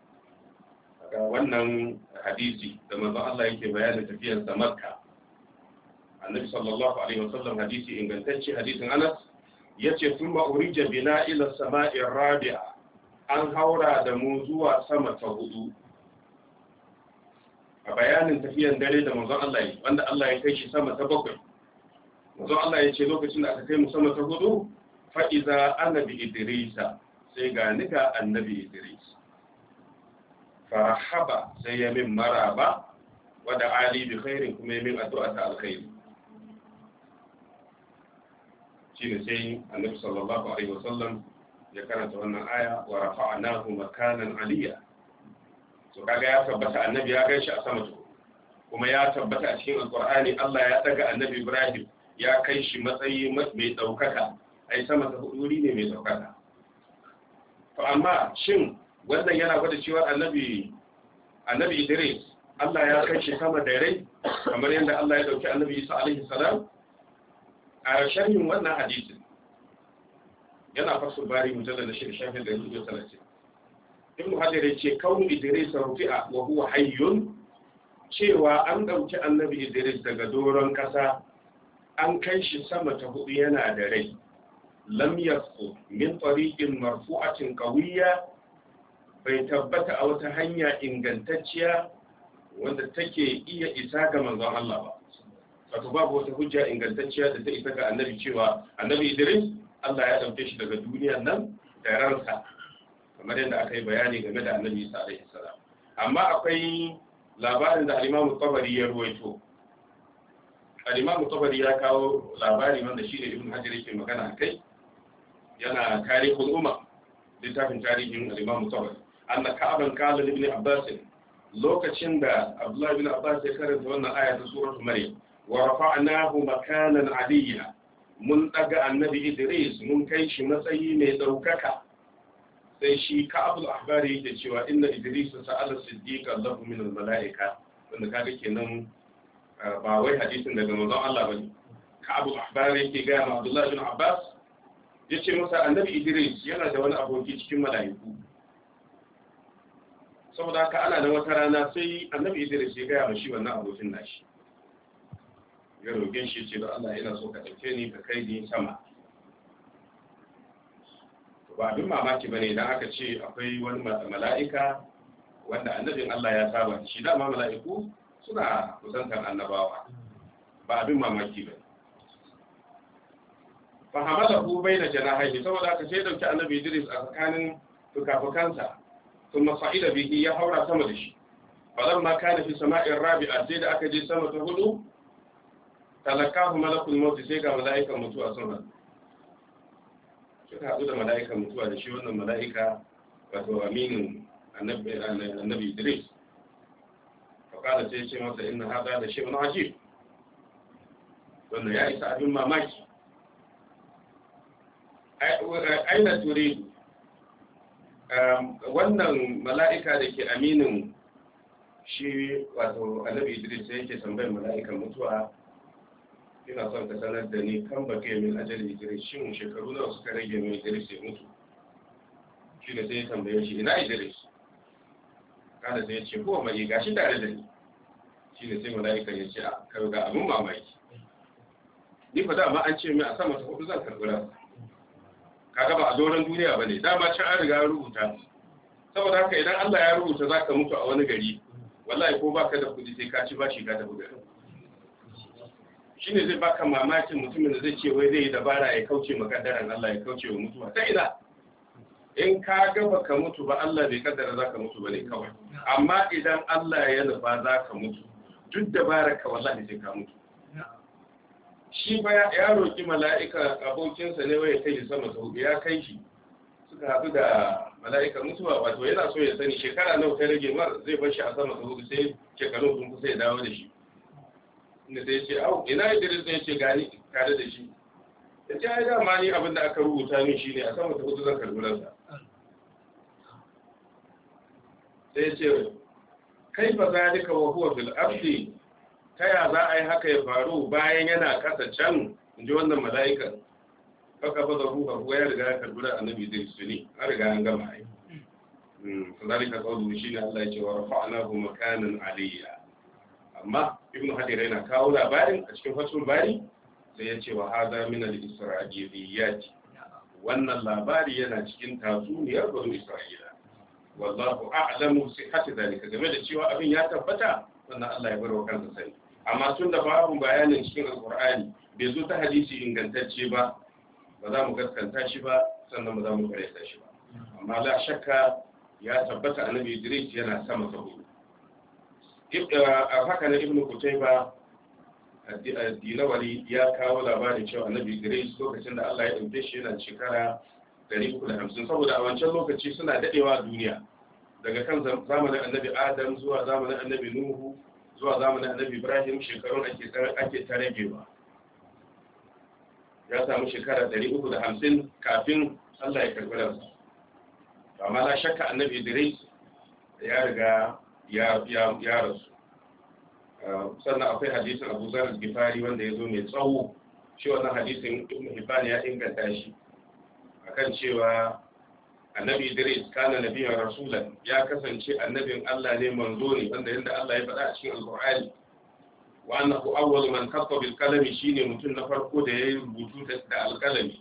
ga wannan hadisi da manzon Allah yake bayani tafiyar sa makka annabi sallallahu alaihi wasallam hadisi ingantacce hadisin anas ya ce sun ma'urija bina ila sama'in rabia an haura da mu zuwa sama ta hudu a bayanin tafiyan dare da manzon Allah yi wanda Allah ya kai shi sama ta bakwai manzon Allah ya ce lokacin da aka kai mu sama ta hudu fa'iza annabi idrisa sai ga nika annabi idris farahaba sai ya min maraba Wadda ali bi khairin kuma ya min addu'a ta alkhairi shine sai annabi sallallahu alaihi wasallam ya karanta wannan aya wa rafa'nahu makanan aliyya to kaga ya tabbata annabi ya ganshi a sama to kuma ya tabbata a cikin alqur'ani Allah ya daga annabi Ibrahim ya kai shi matsayi mai daukaka ai sama ta huduri ne mai daukaka to amma shin wannan yana gwada cewa annabi annabi Idris Allah ya kai shi sama da rai kamar yadda Allah ya dauki annabi Isa alaihi salam a sharhin wannan hadisin yana fasu bari mujalla da shirin shafin da yanzu talatin in hajar ya ce kawun idris rufi'a wa huwa hayyun cewa an ɗauki annabi idris daga doron ƙasa an kai shi sama ta hudu yana da rai lam yasqu min tariqin marfu'atin qawiyya bai tabbata a wata hanya ingantacciya wanda take iya isa ga manzon Allah ba wato babu wata hujja ingantacciya da ta isa ga annabi cewa annabi Idris Allah ya dauke shi daga duniyar nan da ransa kamar yadda aka yi bayani game da annabi Isa alaihi salam amma akwai labarin da al-Imam Tabari ya ruwaito al-Imam Tabari ya kawo labari wanda shi ne Ibn Hajar yake magana kai yana tarihin umma littafin tarihin al-Imam Tabari anna ka'aban qala ibn Abbas lokacin da Abdullah ibn Abbas ya karanta wannan aya ta suratul Maryam wa rafa'nahu makanan aliyya mun daga annabi Idris mun kai shi matsayi mai daukaka sai shi ka Ka'abul Ahbari yake cewa inna Idris sa'ala siddiqa Allahu min al-mala'ika wanda kaga kenan eh, ba wai hadisin daga manzon Allah bane Ka'abul Ahbari yake ga Abdullah bin Abbas yace masa annabi Idris yana da wani aboki cikin mala'iku saboda haka ana da wata rana sai annabi Idris ya ga shi wannan abokin nashi ya roƙe shi ce da Allah yana so ka ɗauke ni ka kai ni sama ba abin mamaki bane idan aka ce akwai wani mala'ika wanda annabin Allah ya saba shi dama mala'iku suna kusantar annabawa ba abin mamaki bane fa hamalahu baina janahihi saboda aka ce dauki annabi Idris a tsakanin fukafukansa kuma sa'ida bihi ya haura sama da shi falamma kana fi sama'in rabi'a sai da aka je sama ta hudu talakahu malakul mawt sai ga mala'ikan mutuwa sun haɗu suka hadu da mala'ikan mutuwa da shi wannan mala'ika wato aminin annabi idris faƙada sai ce masa inna hada da shi wani ajib wannan ya isa abin mamaki aina turidu wannan mala'ika da ke aminin shi wato annabi idris sai yake tambayar mala'ikan mutuwa ina son ka sanar da ni kan ba ke min ajal shi shin shekaru nawa suka rage min idris ya mutu shi ne sai ya tambaye shi ina shi. kada sai ya ce kowa mai gashi tare da ni shi ne sai mala'ika ya ce a karga abin mamaki ni fa dama an ce min a sama ta hudu zan karɓi kaga ba a doron duniya ba ne dama can an riga rubuta saboda haka idan Allah ya rubuta za ka mutu a wani gari wallahi ko baka da kudi sai ka ci bashi ka tafi gari shi ne zai baka mamakin mutumin da zai ce wai zai yi dabara ya kauce makaddaran Allah ya kauce wa mutuwa ta ina in ka ga baka mutu ba Allah bai kaddara za ka mutu ba ne kawai amma idan Allah ya nufa za ka mutu duk dabara ka wallahi sai ka mutu shi ba ya roki mala'ika abokinsa ne waye kai sama sau ya kai shi suka hadu da mala'ika mutuwa wato yana so ya sani shekara nawa ta rage mar zai bar shi a sama sau sai shekaru sun kusa ya dawo da shi inda sai ce au ina Idris ne ce gani tare da shi ya ce ai dama ni abin da aka rubuta min shine a sama ta hudu zan karbi ransa sai ce kai fa zalika wa huwa fil ardi ta ya za a yi haka ya faru bayan yana kasa can in ji wannan mala'ikan kaka ba da ruha ko ya riga ya karbi da annabi zai su ne a riga an gama ai mm. hmm, kazalika qawlu shi ne Allah ya ce wa rafa'nahu makanan aliyya amma ibnu hajar yana kawo labarin a cikin fasul bari sai ya ce wa hada min al wannan labari yana cikin tatsuniyar banu isra'ila wallahu a'lamu sihhati zalika game da cewa abin ya tabbata sannan Allah ya barwa kansa sani amma tun da babu bayanin cikin alqur'ani bai zo ta hadisi ingantacce ba ba za mu gaskanta shi ba sannan ba za mu karyata shi ba amma la shakka ya tabbata annabi Idris yana sama saboda Eh, haka na ibn kutaiba dinawari ya kawo labarin cewa annabi grace lokacin da allah ya ɗauke shi yana shekara 350 saboda a wancan lokaci suna daɗewa duniya daga kan zamanin annabi adam zuwa zamanin annabi nuhu zuwa zamanin annabi ibrahim shekarun ake ta ragewa ya samu shekara 350 kafin allah ya karɓi ransa amma na shakka annabi idris ya riga ya rasu ah, sannan akwai hadisin abu zar gifari wanda ya zo mai tsawo shi wannan hadisin ibn hibban ya inganta shi kan cewa annabi idris kana nabiyan rasulan ya kasance annabin allah ne manzo ne wanda yadda allah ya faɗa a cikin alqur'ani wa annahu awwal man kafa bil kalami shine mutum na farko da ya yi rubutu da alkalami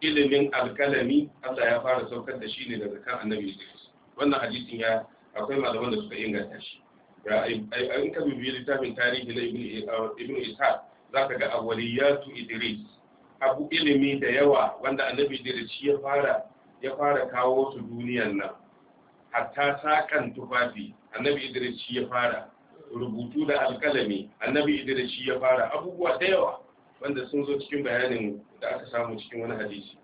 ilimin alkalami allah ya fara saukar da shi ne daga kan annabi idris wannan hadisin ya akwai malaman da suka inganta shi ga in ka bibiyi littafin tarihi na ibn uh, ishaq za ka ga awaliyatu idris abu ilimi da yawa wanda annabi idris ya fara ya fara kawo su duniyan nan hatta sakan tufafi annabi idris ya fara rubutu da alkalami annabi idris ya fara abubuwa da yawa wanda sun zo cikin bayanin da aka samu cikin wani hadisi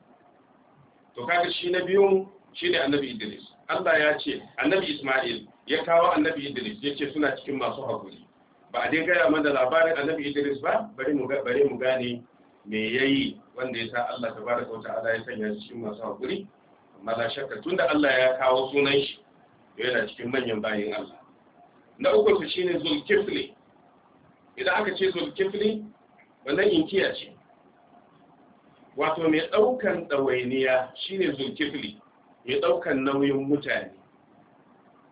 to kaga shi na biyun shi ne annabi idris Allah ya ce annabi Ismail ya kawo annabi Idris ya ce suna cikin masu haƙuri ba a dai gaya mana labarin annabi Idris ba bari mu bari mu gane me yayi wanda ya sa Allah tabaraka wa ta'ala ya sanya shi cikin masu haƙuri amma la shakka tunda Allah ya kawo sunan shi yana cikin manyan bayin Allah na uku su shine zulkifli idan aka ce zulkifli wannan inkiya ce wato mai ɗaukan ɗawainiya shine zulkifli mai ɗaukan nauyin mutane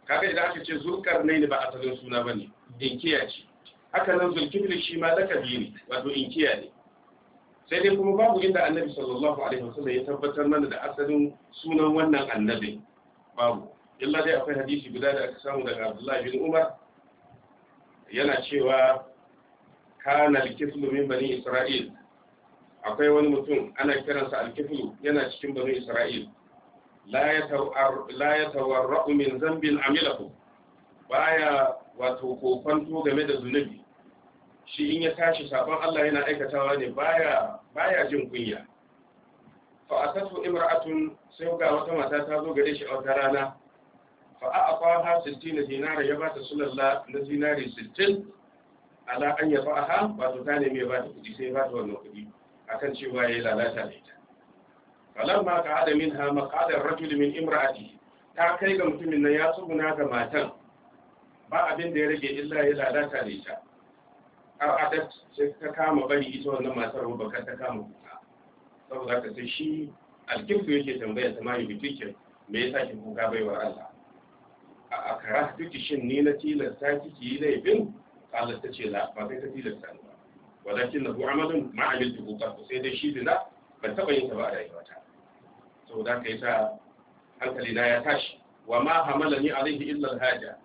kaga idan aka ce zulkar ne ba a tsarin suna ba ne inkiya ce haka nan zulkifil shi ma lakabi ne wato inkiya ne sai dai kuma babu inda annabi sallallahu alaihi wasallam ya tabbatar mana da asalin sunan wannan annabi babu illa dai akwai hadisi guda da aka samu daga abdullahi bin umar yana cewa kana alkiflu min bani isra'il akwai wani mutum ana kiransa alkiflu yana cikin bani isra'il la ya tawarra'u min zambin amilahu baya wato kokonto game da zunubi shi in ya tashi sabon Allah yana aikatawa ne baya baya jin kunya fa atatu imra'atun sai ga wata mata ta zo gare shi a wata rana fa ha 60 dinara ya bata sunnalla na dinari 60 ala an ya ha wato ta ne mai ta kudi sai ba ta wannan kudi akan cewa yayi lalata ne falamma qa'ada minha maqada ar-rajul min imra'atihi ta kai ga mutumin nan ya tsuguna ga matan ba abin da ya rage illa ya lalata da ita har a sai ta kama bari ita wannan matar rubaka ta kama kuka saboda ka sai shi alkiftu yake tambaya ta mai bitikin me yasa ki kuka bai wa Allah a akara duk shin ni na tilasta kiki yi laifin Allah ta ce la ba sai ta tilasta ni ba walakin lahu amalun ma amiltu kuka sai dai shi dina ban taɓa yin ta ba a rayuwata saboda ka yasa hankali na ya tashi wa ma hamalani alaihi illa alhaja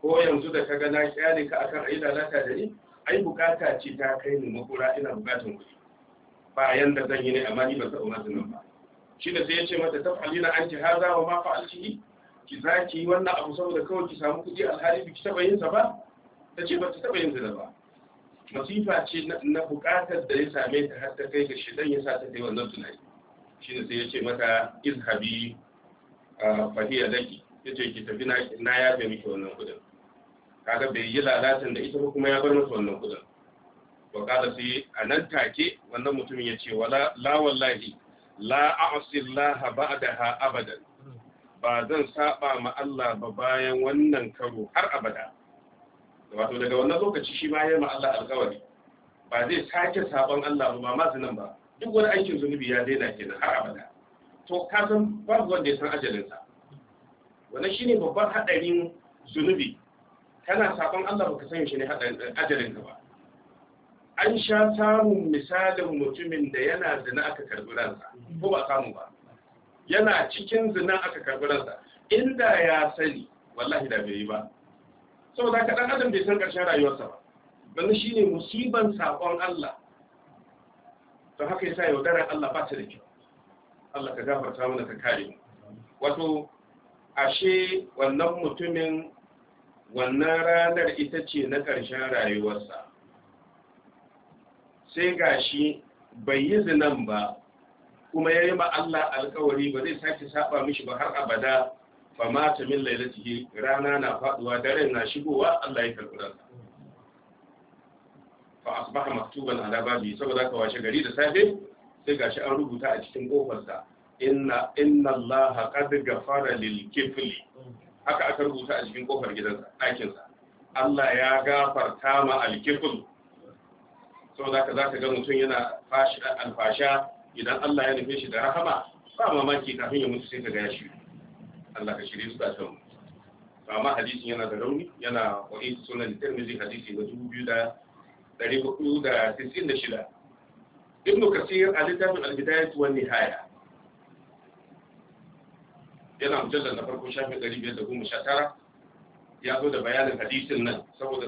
ko yanzu da kaga na kyale ka akan ayi lalata da ni ai bukata ce ta kai ni makura ina bukatun kuɗi ba yanda zan yi ne amma ni ba sa umar zinan ba shi da sai ya ce mata tafalina anti haza wa ma fa'alti ki za ki yi wannan abu saboda kawai ki samu kuɗi alhali ki taɓa yin sa ba ta ce ba ta taɓa yin zina ba masifa ce na buƙatar da ya same ta har ta kai ga shi dan ya sa ta kai wannan tunani ne sai ya ce mata izhabi fahiya laki ya ce ki tafi na yafe miki wannan kudin kaga bai yi lalatin da ita kuma ya bar masa wannan kudin ba kada sai a nan take wannan mutumin ya ce wala la wallahi la a'si ba'daha abadan ba zan saba ma Allah ba bayan wannan karo har abada wato daga wannan lokaci shi ma ya ma Allah alƙawari ba zai sake sabon Allah ba ma zinan ba duk wani aikin zunubi ya daina ke har abada to ka san babu wanda ya san ajalinsa wannan shine babban hadarin zunubi kana sabon Allah baka san shi ne hadarin ajalin ka ba an sha samun misalin mutumin da yana zina aka karbi ransa ko ba samu ba yana cikin zina aka karbi ransa inda ya sani wallahi da bai yi ba saboda ka dan adam bai san karshen rayuwarsa ba wannan shine musiban sabon Allah don haka yasa yaudarar Allah ba ta da kyau Allah ka gafarta mana ka kare wato ashe wannan mutumin wannan ranar ita ce na ƙarshen rayuwarsa sai gashi bai yi zinan ba kuma ya yi ma Allah alkawari ba zai sake saba mishi ba har abada fa mata min lailatihi rana na faduwa daren na shigowa Allah ya karɓi fa asbaha maktuban ala babi saboda ka washe gari da safe sai gashi an rubuta a cikin kofarsa inna inna allaha qad ghafara lil kifli haka aka rubuta a cikin kofar gidansa ɗakin sa Allah ya gafarta ma al kifl saboda ka zaka ga mutum yana fashi alfasha idan Allah ya nufe shi da rahama ba mamaki kafin ya mutu sai ka ga ya Allah ka shirye su da tsamu amma hadisin yana da rauni yana wa'in sunan tirmidhi hadisi na 2000 496 ibn kasir a littafin albidayat wa nihaya yana mujallar na farko shafin 519 ya zo da bayanin hadisin nan saboda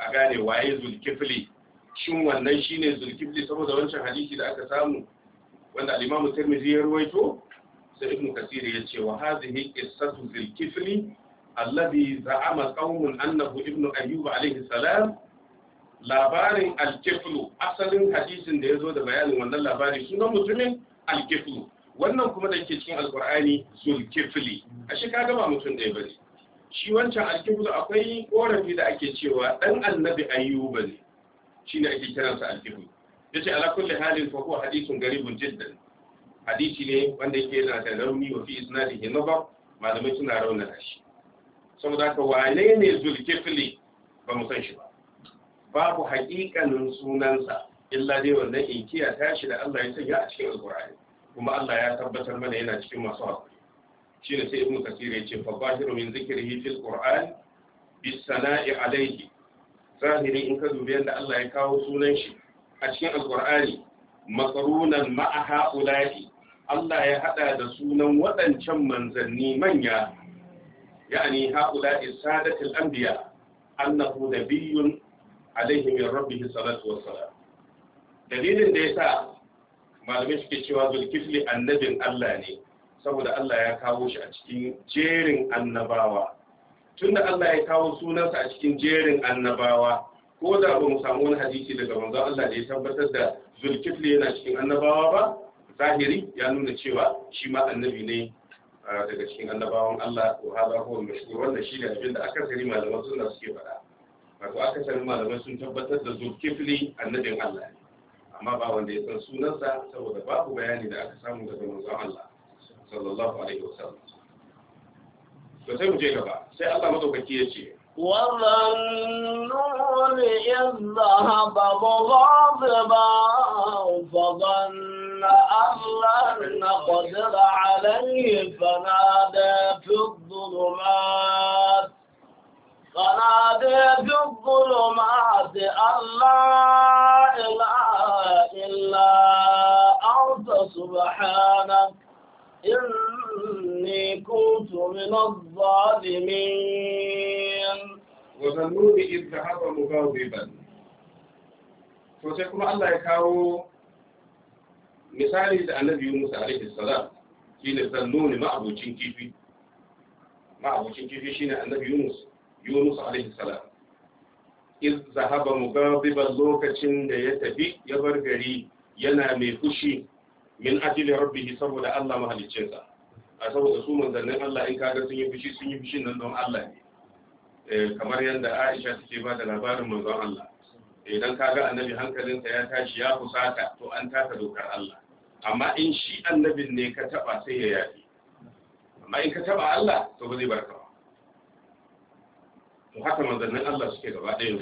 a gane waye zulkifli shin wannan shine zulkifli saboda wancan hadisi da aka samu wanda al-imamu tirmidhi ya ruwaito sai ibn kasir ya ce wa hadhihi qissatu zulkifli alladhi za'ama qaumun annahu ibnu ayyub alayhi salam labarin alkiflu asalin hadisin da ya zo da bayanin wannan labari sunan mutumin alkiflu wannan kuma da ke cikin alkur'ani zulkifli a shi ka gama mutum ɗaya ne? shi wancan alkiflu akwai korafi da ake cewa dan annabi ayyuba ne shine ake kiransa alkiflu yace ce kulli halin fa hadisin hadithun jiddan hadisi ne wanda yake yana da rauni wa fi isnadihi nazar malamai suna raunana shi saboda haka wane ne zulkifli ba mu san shi ba babu haƙiƙanin sunansa illa dai wannan inkiya ta shi da Allah ya sanya a cikin alƙur'ani kuma Allah ya tabbatar mana yana cikin masu hakuri shi ne sai ibnu kasir ya ce fa zahiru min zikrihi fil qur'an bis sana'i alayhi zahiri in ka dubi yadda Allah ya kawo sunan shi a cikin alƙur'ani makarunan ma'a ha'ula'i Allah ya hada da sunan waɗancan manzanni manya yani ha'ula'i sadatul anbiya annahu nabiyyun alaihi min rabbihi salatu wassalam dalilin da ya sa malamai suke cewa zulkifli annabin Allah ne saboda Allah ya kawo shi a cikin jerin annabawa tunda Allah ya kawo sunansa a cikin jerin annabawa ko da ba mu samu wani hadisi daga manzon Allah da ya tabbatar da zulkifli yana cikin annabawa ba zahiri ya nuna cewa shi ma annabi ne ah, daga cikin annabawan Allah wa hada huwa mashhur wannan shine abin da akasari malaman sunna suke faɗa wato akasarin malamai sun tabbatar da zulkifli annabin Allah amma ba wanda ya san sunansa saboda babu bayani da aka samu daga manzon Allah sallallahu alaihi wasallam to sai mu je gaba sai Allah madaukaki ya ce
والنور إذ ذهب مغاضبا فظن أن لن نقدر عليه فنادى في الظلمات فنادي بالظلمات أن لا إله إلا أنت سبحانك إني كنت من الظالمين وذنوب إذ
ذهب مغاضبا sosai kuma Allah ya kawo misali da annabi Yunus alaihi salam shine zannuni ma'abocin kifi ma'abocin kifi shine annabi Yunus Yunus alaihi salam iz zahaba mughadiban lokacin da ya tafi ya bar gari yana mai fushi min ajli rabbih saboda Allah mahaliccinsa a saboda su manzannin Allah in kaga sun yi fushi sun yi fushi nan don Allah ne eh, kamar yadda Aisha take ba da labarin manzon Allah idan kaga annabi hankalinsa ya tashi ya fusata to an taka dokar Allah amma in shi annabin ne ka taba sai ya yafi amma in ka taba Allah to ba zai barka to haka manzannin Allah suke gaba ɗaya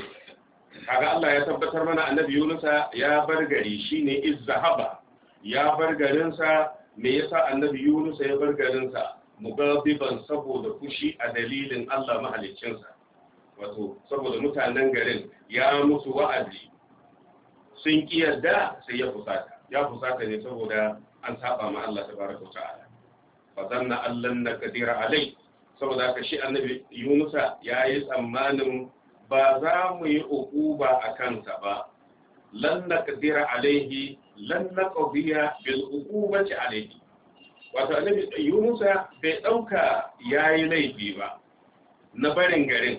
kaga Allah ya tabbatar mana annabi Yunusa ya bar gari shine izzahaba ya bar garinsa me yasa annabi Yunusa ya bar garinsa Mugabiban saboda fushi a dalilin Allah mahaliccinsa wato saboda mutanen garin ya musu wa'azi sun ki yarda sai ya fusata ya fusata ne saboda an saba ma Allah tabaraka ta'ala fa zanna allan nakdira alai saboda ka shi annabi yunusa ya yi tsammanin ba za mu yi uku ba a kansa ba lan na kadira alaihi lan na qadiya bil uqubati alaihi wato annabi yunusa bai dauka yi laifi ba na barin garin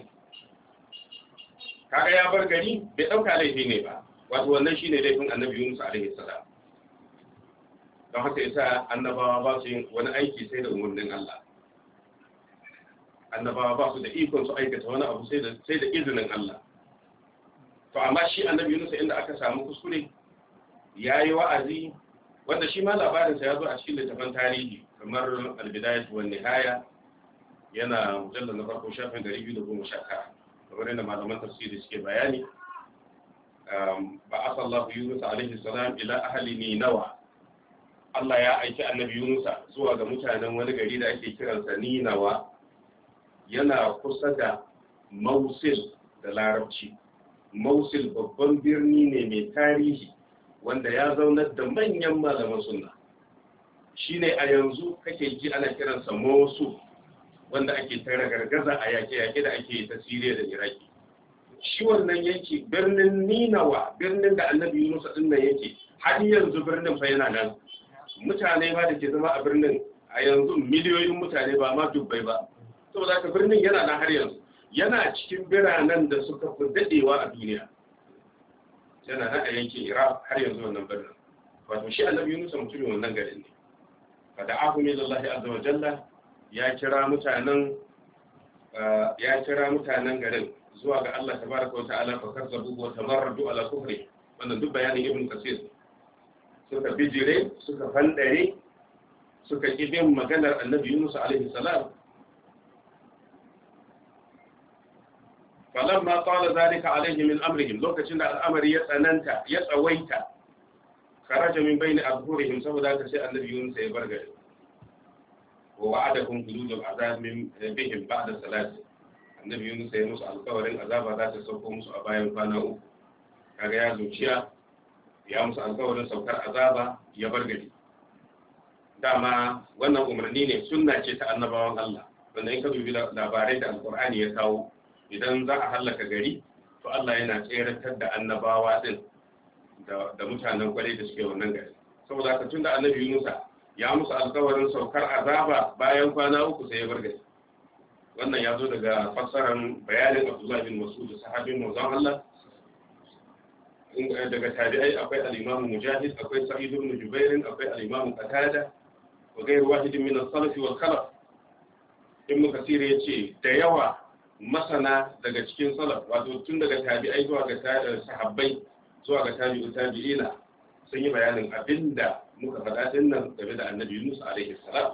kaga ya bar gari bai dauka laifi ne ba wato wannan shine laifin annabi yunusa alaihi salam don haka yasa annabawa ba su yin wani aiki sai da annabawa ba su da ikon su aikata wani abu sai da izinin Allah to amma shi annabi Yunus inda aka samu kuskure yayi wa'azi wanda shi ma labarin sa ya zo a cikin littafin tarihi kamar al-bidayah wa nihaya yana mujallal na farko shafin 219 kamar yadda malaman tafsiri suke bayani um, ba asallahu Yunus alaihi salam ila ahli Ninawa Allah ya aiki annabi Yunusa zuwa ga mutanen wani gari da ake kiransa Ninawa yana kusa da mausil da larabci mausil babban birni ne mai tarihi wanda ya zaunar da manyan malaman Shi ne a yanzu kake ji ana kiransa mosul wanda ake tara gargaza a yaƙe-yaƙe da ake ta siriya da iraki shi wannan yake birnin ninawa birnin da annabi yunus din nan yake har yanzu birnin fa yana nan mutane ba da ke zama a birnin a yanzu miliyoyin mutane ba ma dubbai ba saboda ka birnin yana na har yanzu yana cikin biranen da suka fi dadewa a duniya yana na a yankin iraq har yanzu wannan birnin wato shi annabi yunus mutumin wannan garin ne fa da ahu min lillahi azza wa jalla ya kira mutanen eh, ya kira mutanen garin zuwa ga Allah tabaraka wa ta'ala fa kazzabu wa tamarradu ala kufri wannan duk bayanin ibn kasir suka bijire suka fandare suka ƙi bin maganar annabi yunus alaihi salam falan ma tsawon zalika alaihi min amrihim lokacin da al'amari ya tsananta ya tsawaita karaja min bayni azhurihim saboda haka sai annabi yunus ya bar gari wa wa'adakum khuludul azab min bihim ba'da salati annabi yunus ya musu alƙawarin azaba za ta sauko musu a bayan kwana uku kaga ya zuciya ya musu alƙawarin saukar azaba ya bar gari dama wannan umarni ne sunna ce ta annabawan Allah wanda in ka dubi labarai da alƙur'ani ya kawo idan za a hallaka gari to Allah yana tseratar da annabawa din da mutanen kwarai da suke wannan gari saboda ka tun da annabi Musa ya musu alkawarin saukar azaba bayan kwana uku sai ya bar gari wannan ya zo daga fassarar bayanin Abdullah bin Mas'ud sahabin manzon Allah daga tabi'ai akwai al-Imam Mujahid akwai Sa'id ibn Jubair akwai al-Imam Qatada wa ghayr wahid min as-salaf wal khalaf ibn Kathir yace da yawa masana daga cikin salaf wato tun daga tabi'ai zuwa ga eh, sahabbai zuwa ga tabi'u tabi'ina sun yi bayanin abinda muka faɗa din nan game da annabi Yunus alaihi salam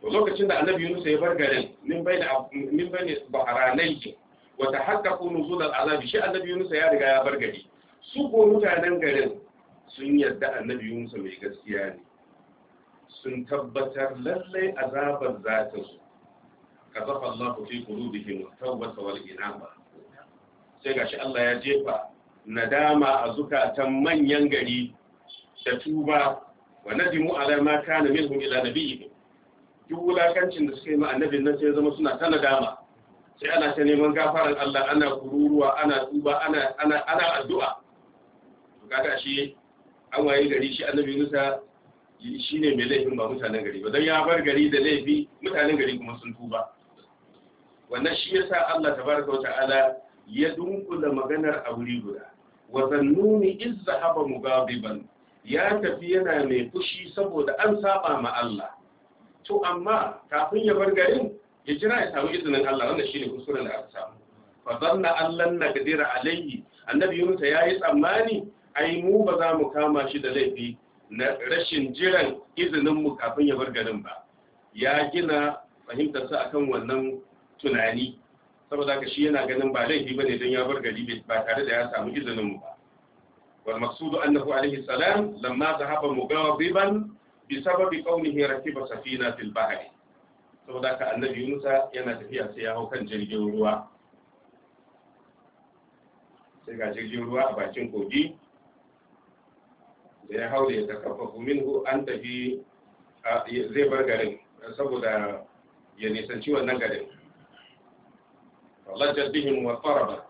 to lokacin da annabi Yunus ya bar garin min bai da min bai baharanai wa tahaqqaqu nuzul al'azab shi annabi Yunus ya riga ya bar gari su ko mutanen garin sun yarda annabi Yunus mai gaskiya ne sun tabbatar lallai azabar za ta zo kazafa Allah fi qulubihim tawbata wal inaba sai gashi Allah ya jefa nadama a zukatan manyan gari da tuba wa nadimu ala ma kana minhum ila nabiyyi duk wulakancin da suka yi ma annabin nan sai zama suna ta nadama sai ana ta neman gafarar Allah ana kururuwa ana tuba ana ana ana addu'a kaga shi an waye gari shi annabi Musa shi ne mai laifin ba mutanen gari ba don ya bar gari da laifi mutanen gari kuma sun tuba wannan shi yasa Allah tabaraka wa ta'ala ya dunkula maganar a wuri guda wa zannuni iz zahaba mughadiban ya tafi yana mai fushi saboda an saba ma Allah to amma kafin ya bar garin ya jira ya samu izinin Allah wannan shine kuskuren da aka samu fa zanna allan naqdira alayhi annabi Yunus yayi tsammani ai mu ba za mu kama shi da laifi na rashin jiran izinin mu kafin ya bar garin ba ya gina fahimtarsa akan wannan tunani saboda haka shi yana ganin ba laifi bane don ya bar gari ba tare da ya samu izinin mu ba wal maqsudu annahu alayhi salam lamma zahaba mughadiban bi sababi qawlihi rakiba safina fil bahri saboda haka annabi Musa yana tafiya sai ya hau kan jirgin ruwa sai ga jirgin ruwa a bakin kogi da ya hau da ya takaffafu minhu an tafi zai bar garin saboda ya nisanci wannan garin lajjar bihin ba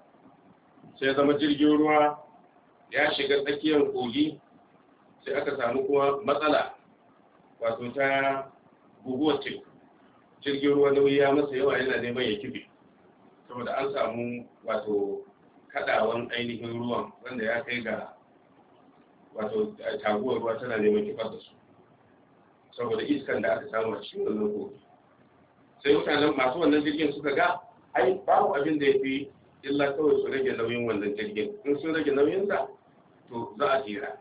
sai zama jirgin ruwa ya shiga tsakiyar kogi sai aka samu kuma matsala wato ta guguwar teku jirgin ruwa nauyi ya masa yawa yana neman ya kibe saboda an samu wato kadawan ainihin ruwan wanda ya kai ga wato taguwar ruwa tana neman kifar da su saboda iskan da aka samu a cikin wannan kogi sai mutanen masu wannan jirgin suka ga ai babu abin da ya fi illa kawai su rage nauyin wannan jirgin in sun rage nauyin nauyinsa to za a tsira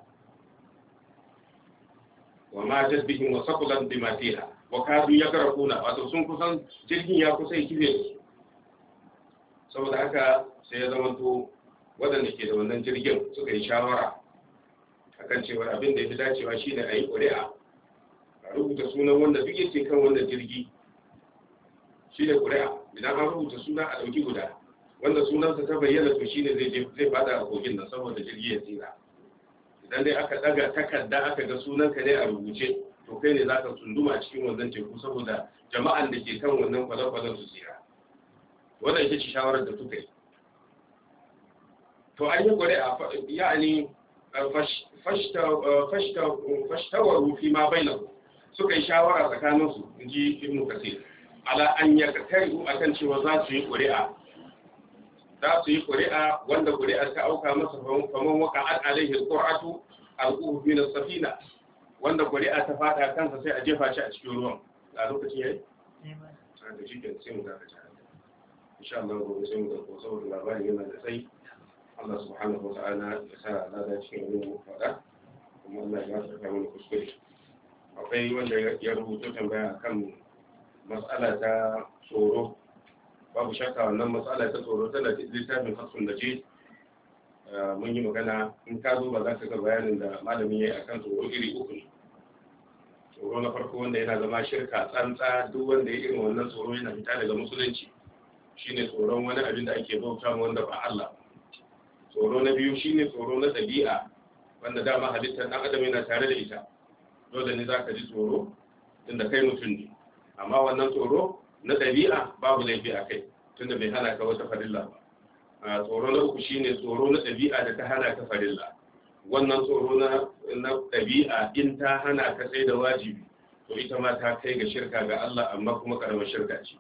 wa ma jazbihim wa bi ma fiha wa kadu yakrahuna wato sun kusan jirgin ya kusa kife su saboda haka sai ya zama to waɗanda ke da wannan jirgin suka yi shawara akan cewa abin da ya fi dacewa shine a yi ƙuri'a a rubuta sunan wanda duk ce kan wannan jirgi shi ne ƙuri'a idan an rubuta suna a ɗauki guda wanda sunansa ta bayyana to shine zai zai fada a kogin nan saboda jirgi ya tsira idan dai aka daga takarda aka ga sunanka ne a rubuce to kai ne zaka tunduma cikin wannan teku saboda jama'an da ke kan wannan kwazakwazan su tsira wannan ita ce shawarar da kuka yi to an yi a ya'ani eh, eh, fashtawar fi ma bainahu suka yi shawara tsakaninsu in ji ibnu kasir ala an a kan cewa za su yi ƙuri'a za su yi ƙuri'a wanda ƙuri'a ta auka masa faman waka an alaihi alqur'atu alquhu min safina wanda ƙuri'a ta fata kansa sai a jefa shi a cikin ruwan a lokacin yayi da shi sai mu dafa ta insha Allah gobe sai mu dauko saboda labarin yana da sai Allah subhanahu wa ta'ala ya sa lada cikin ruwan fada kuma Allah ya sa ta mana kuskure akwai wanda ya rubuta tambaya kan matsala ta tsoro babu shakka wannan matsala ta tsoro tana littafin da ah, ce mun yi magana in ka zo ba za ka ga bayanin da malamin ya yi kan tsoro iri uku ne tsoro na farko wanda yana zama shirka tsantsa duk wanda ya irin wannan tsoro yana fita daga musulunci shine tsoron wani abin da ake bauta wanda ba Allah tsoro na biyu shine tsoro na dabi'a wanda dama halittar ɗan adam yana tare da ita dole ne za ka ji tsoro tunda kai mutum ne amma wannan tsoro na ɗabi'a babu laifi a kai tunda bai hana ka wata farilla ba tsoro na uku shine tsoro na ɗabi'a da ta hana ka farilla wannan tsoro na ɗabi'a in ta hana ka sai da wajibi to ita ma ta kai ga shirka ga Allah amma kuma karamar shirka ce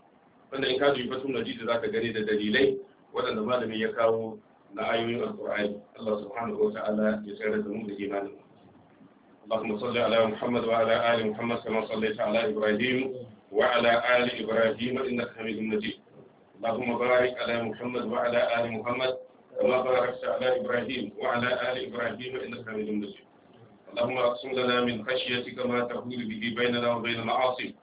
Wannan in ka dubi fatul majid za ka gani da dalilai waɗanda malamin ya kawo na ayoyin alqur'ani Allah subhanahu wa ta'ala ya tsare da mu da imanin اللهم صل على محمد وعلى آل محمد كما صليت على إبراهيم وعلى آل إبراهيم إنك حميد مجيد اللهم بارك على محمد وعلى آل محمد كما باركت على إبراهيم وعلى آل إبراهيم إنك حميد مجيد اللهم اقسم لنا من خشيتك ما تحول به بيننا وبين معاصيك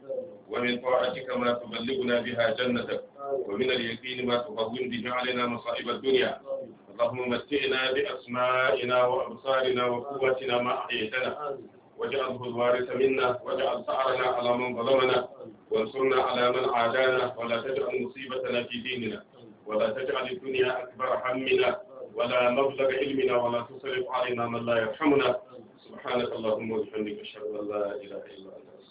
ومن طاعتك ما تبلغنا بها جنتك ومن اليقين ما تهون به علينا مصائب الدنيا اللهم متعنا بأسمائنا وأبصارنا وقوتنا ما أحييتنا واجعله الوارث منا واجعل ثأرنا على من ظلمنا وانصرنا على من عادانا ولا تجعل مصيبتنا في ديننا ولا تجعل الدنيا أكبر همنا ولا مبلغ علمنا ولا تصرف علينا من لا يرحمنا سبحانك اللهم وبحمدك أشهد أن لا إله إلا أنت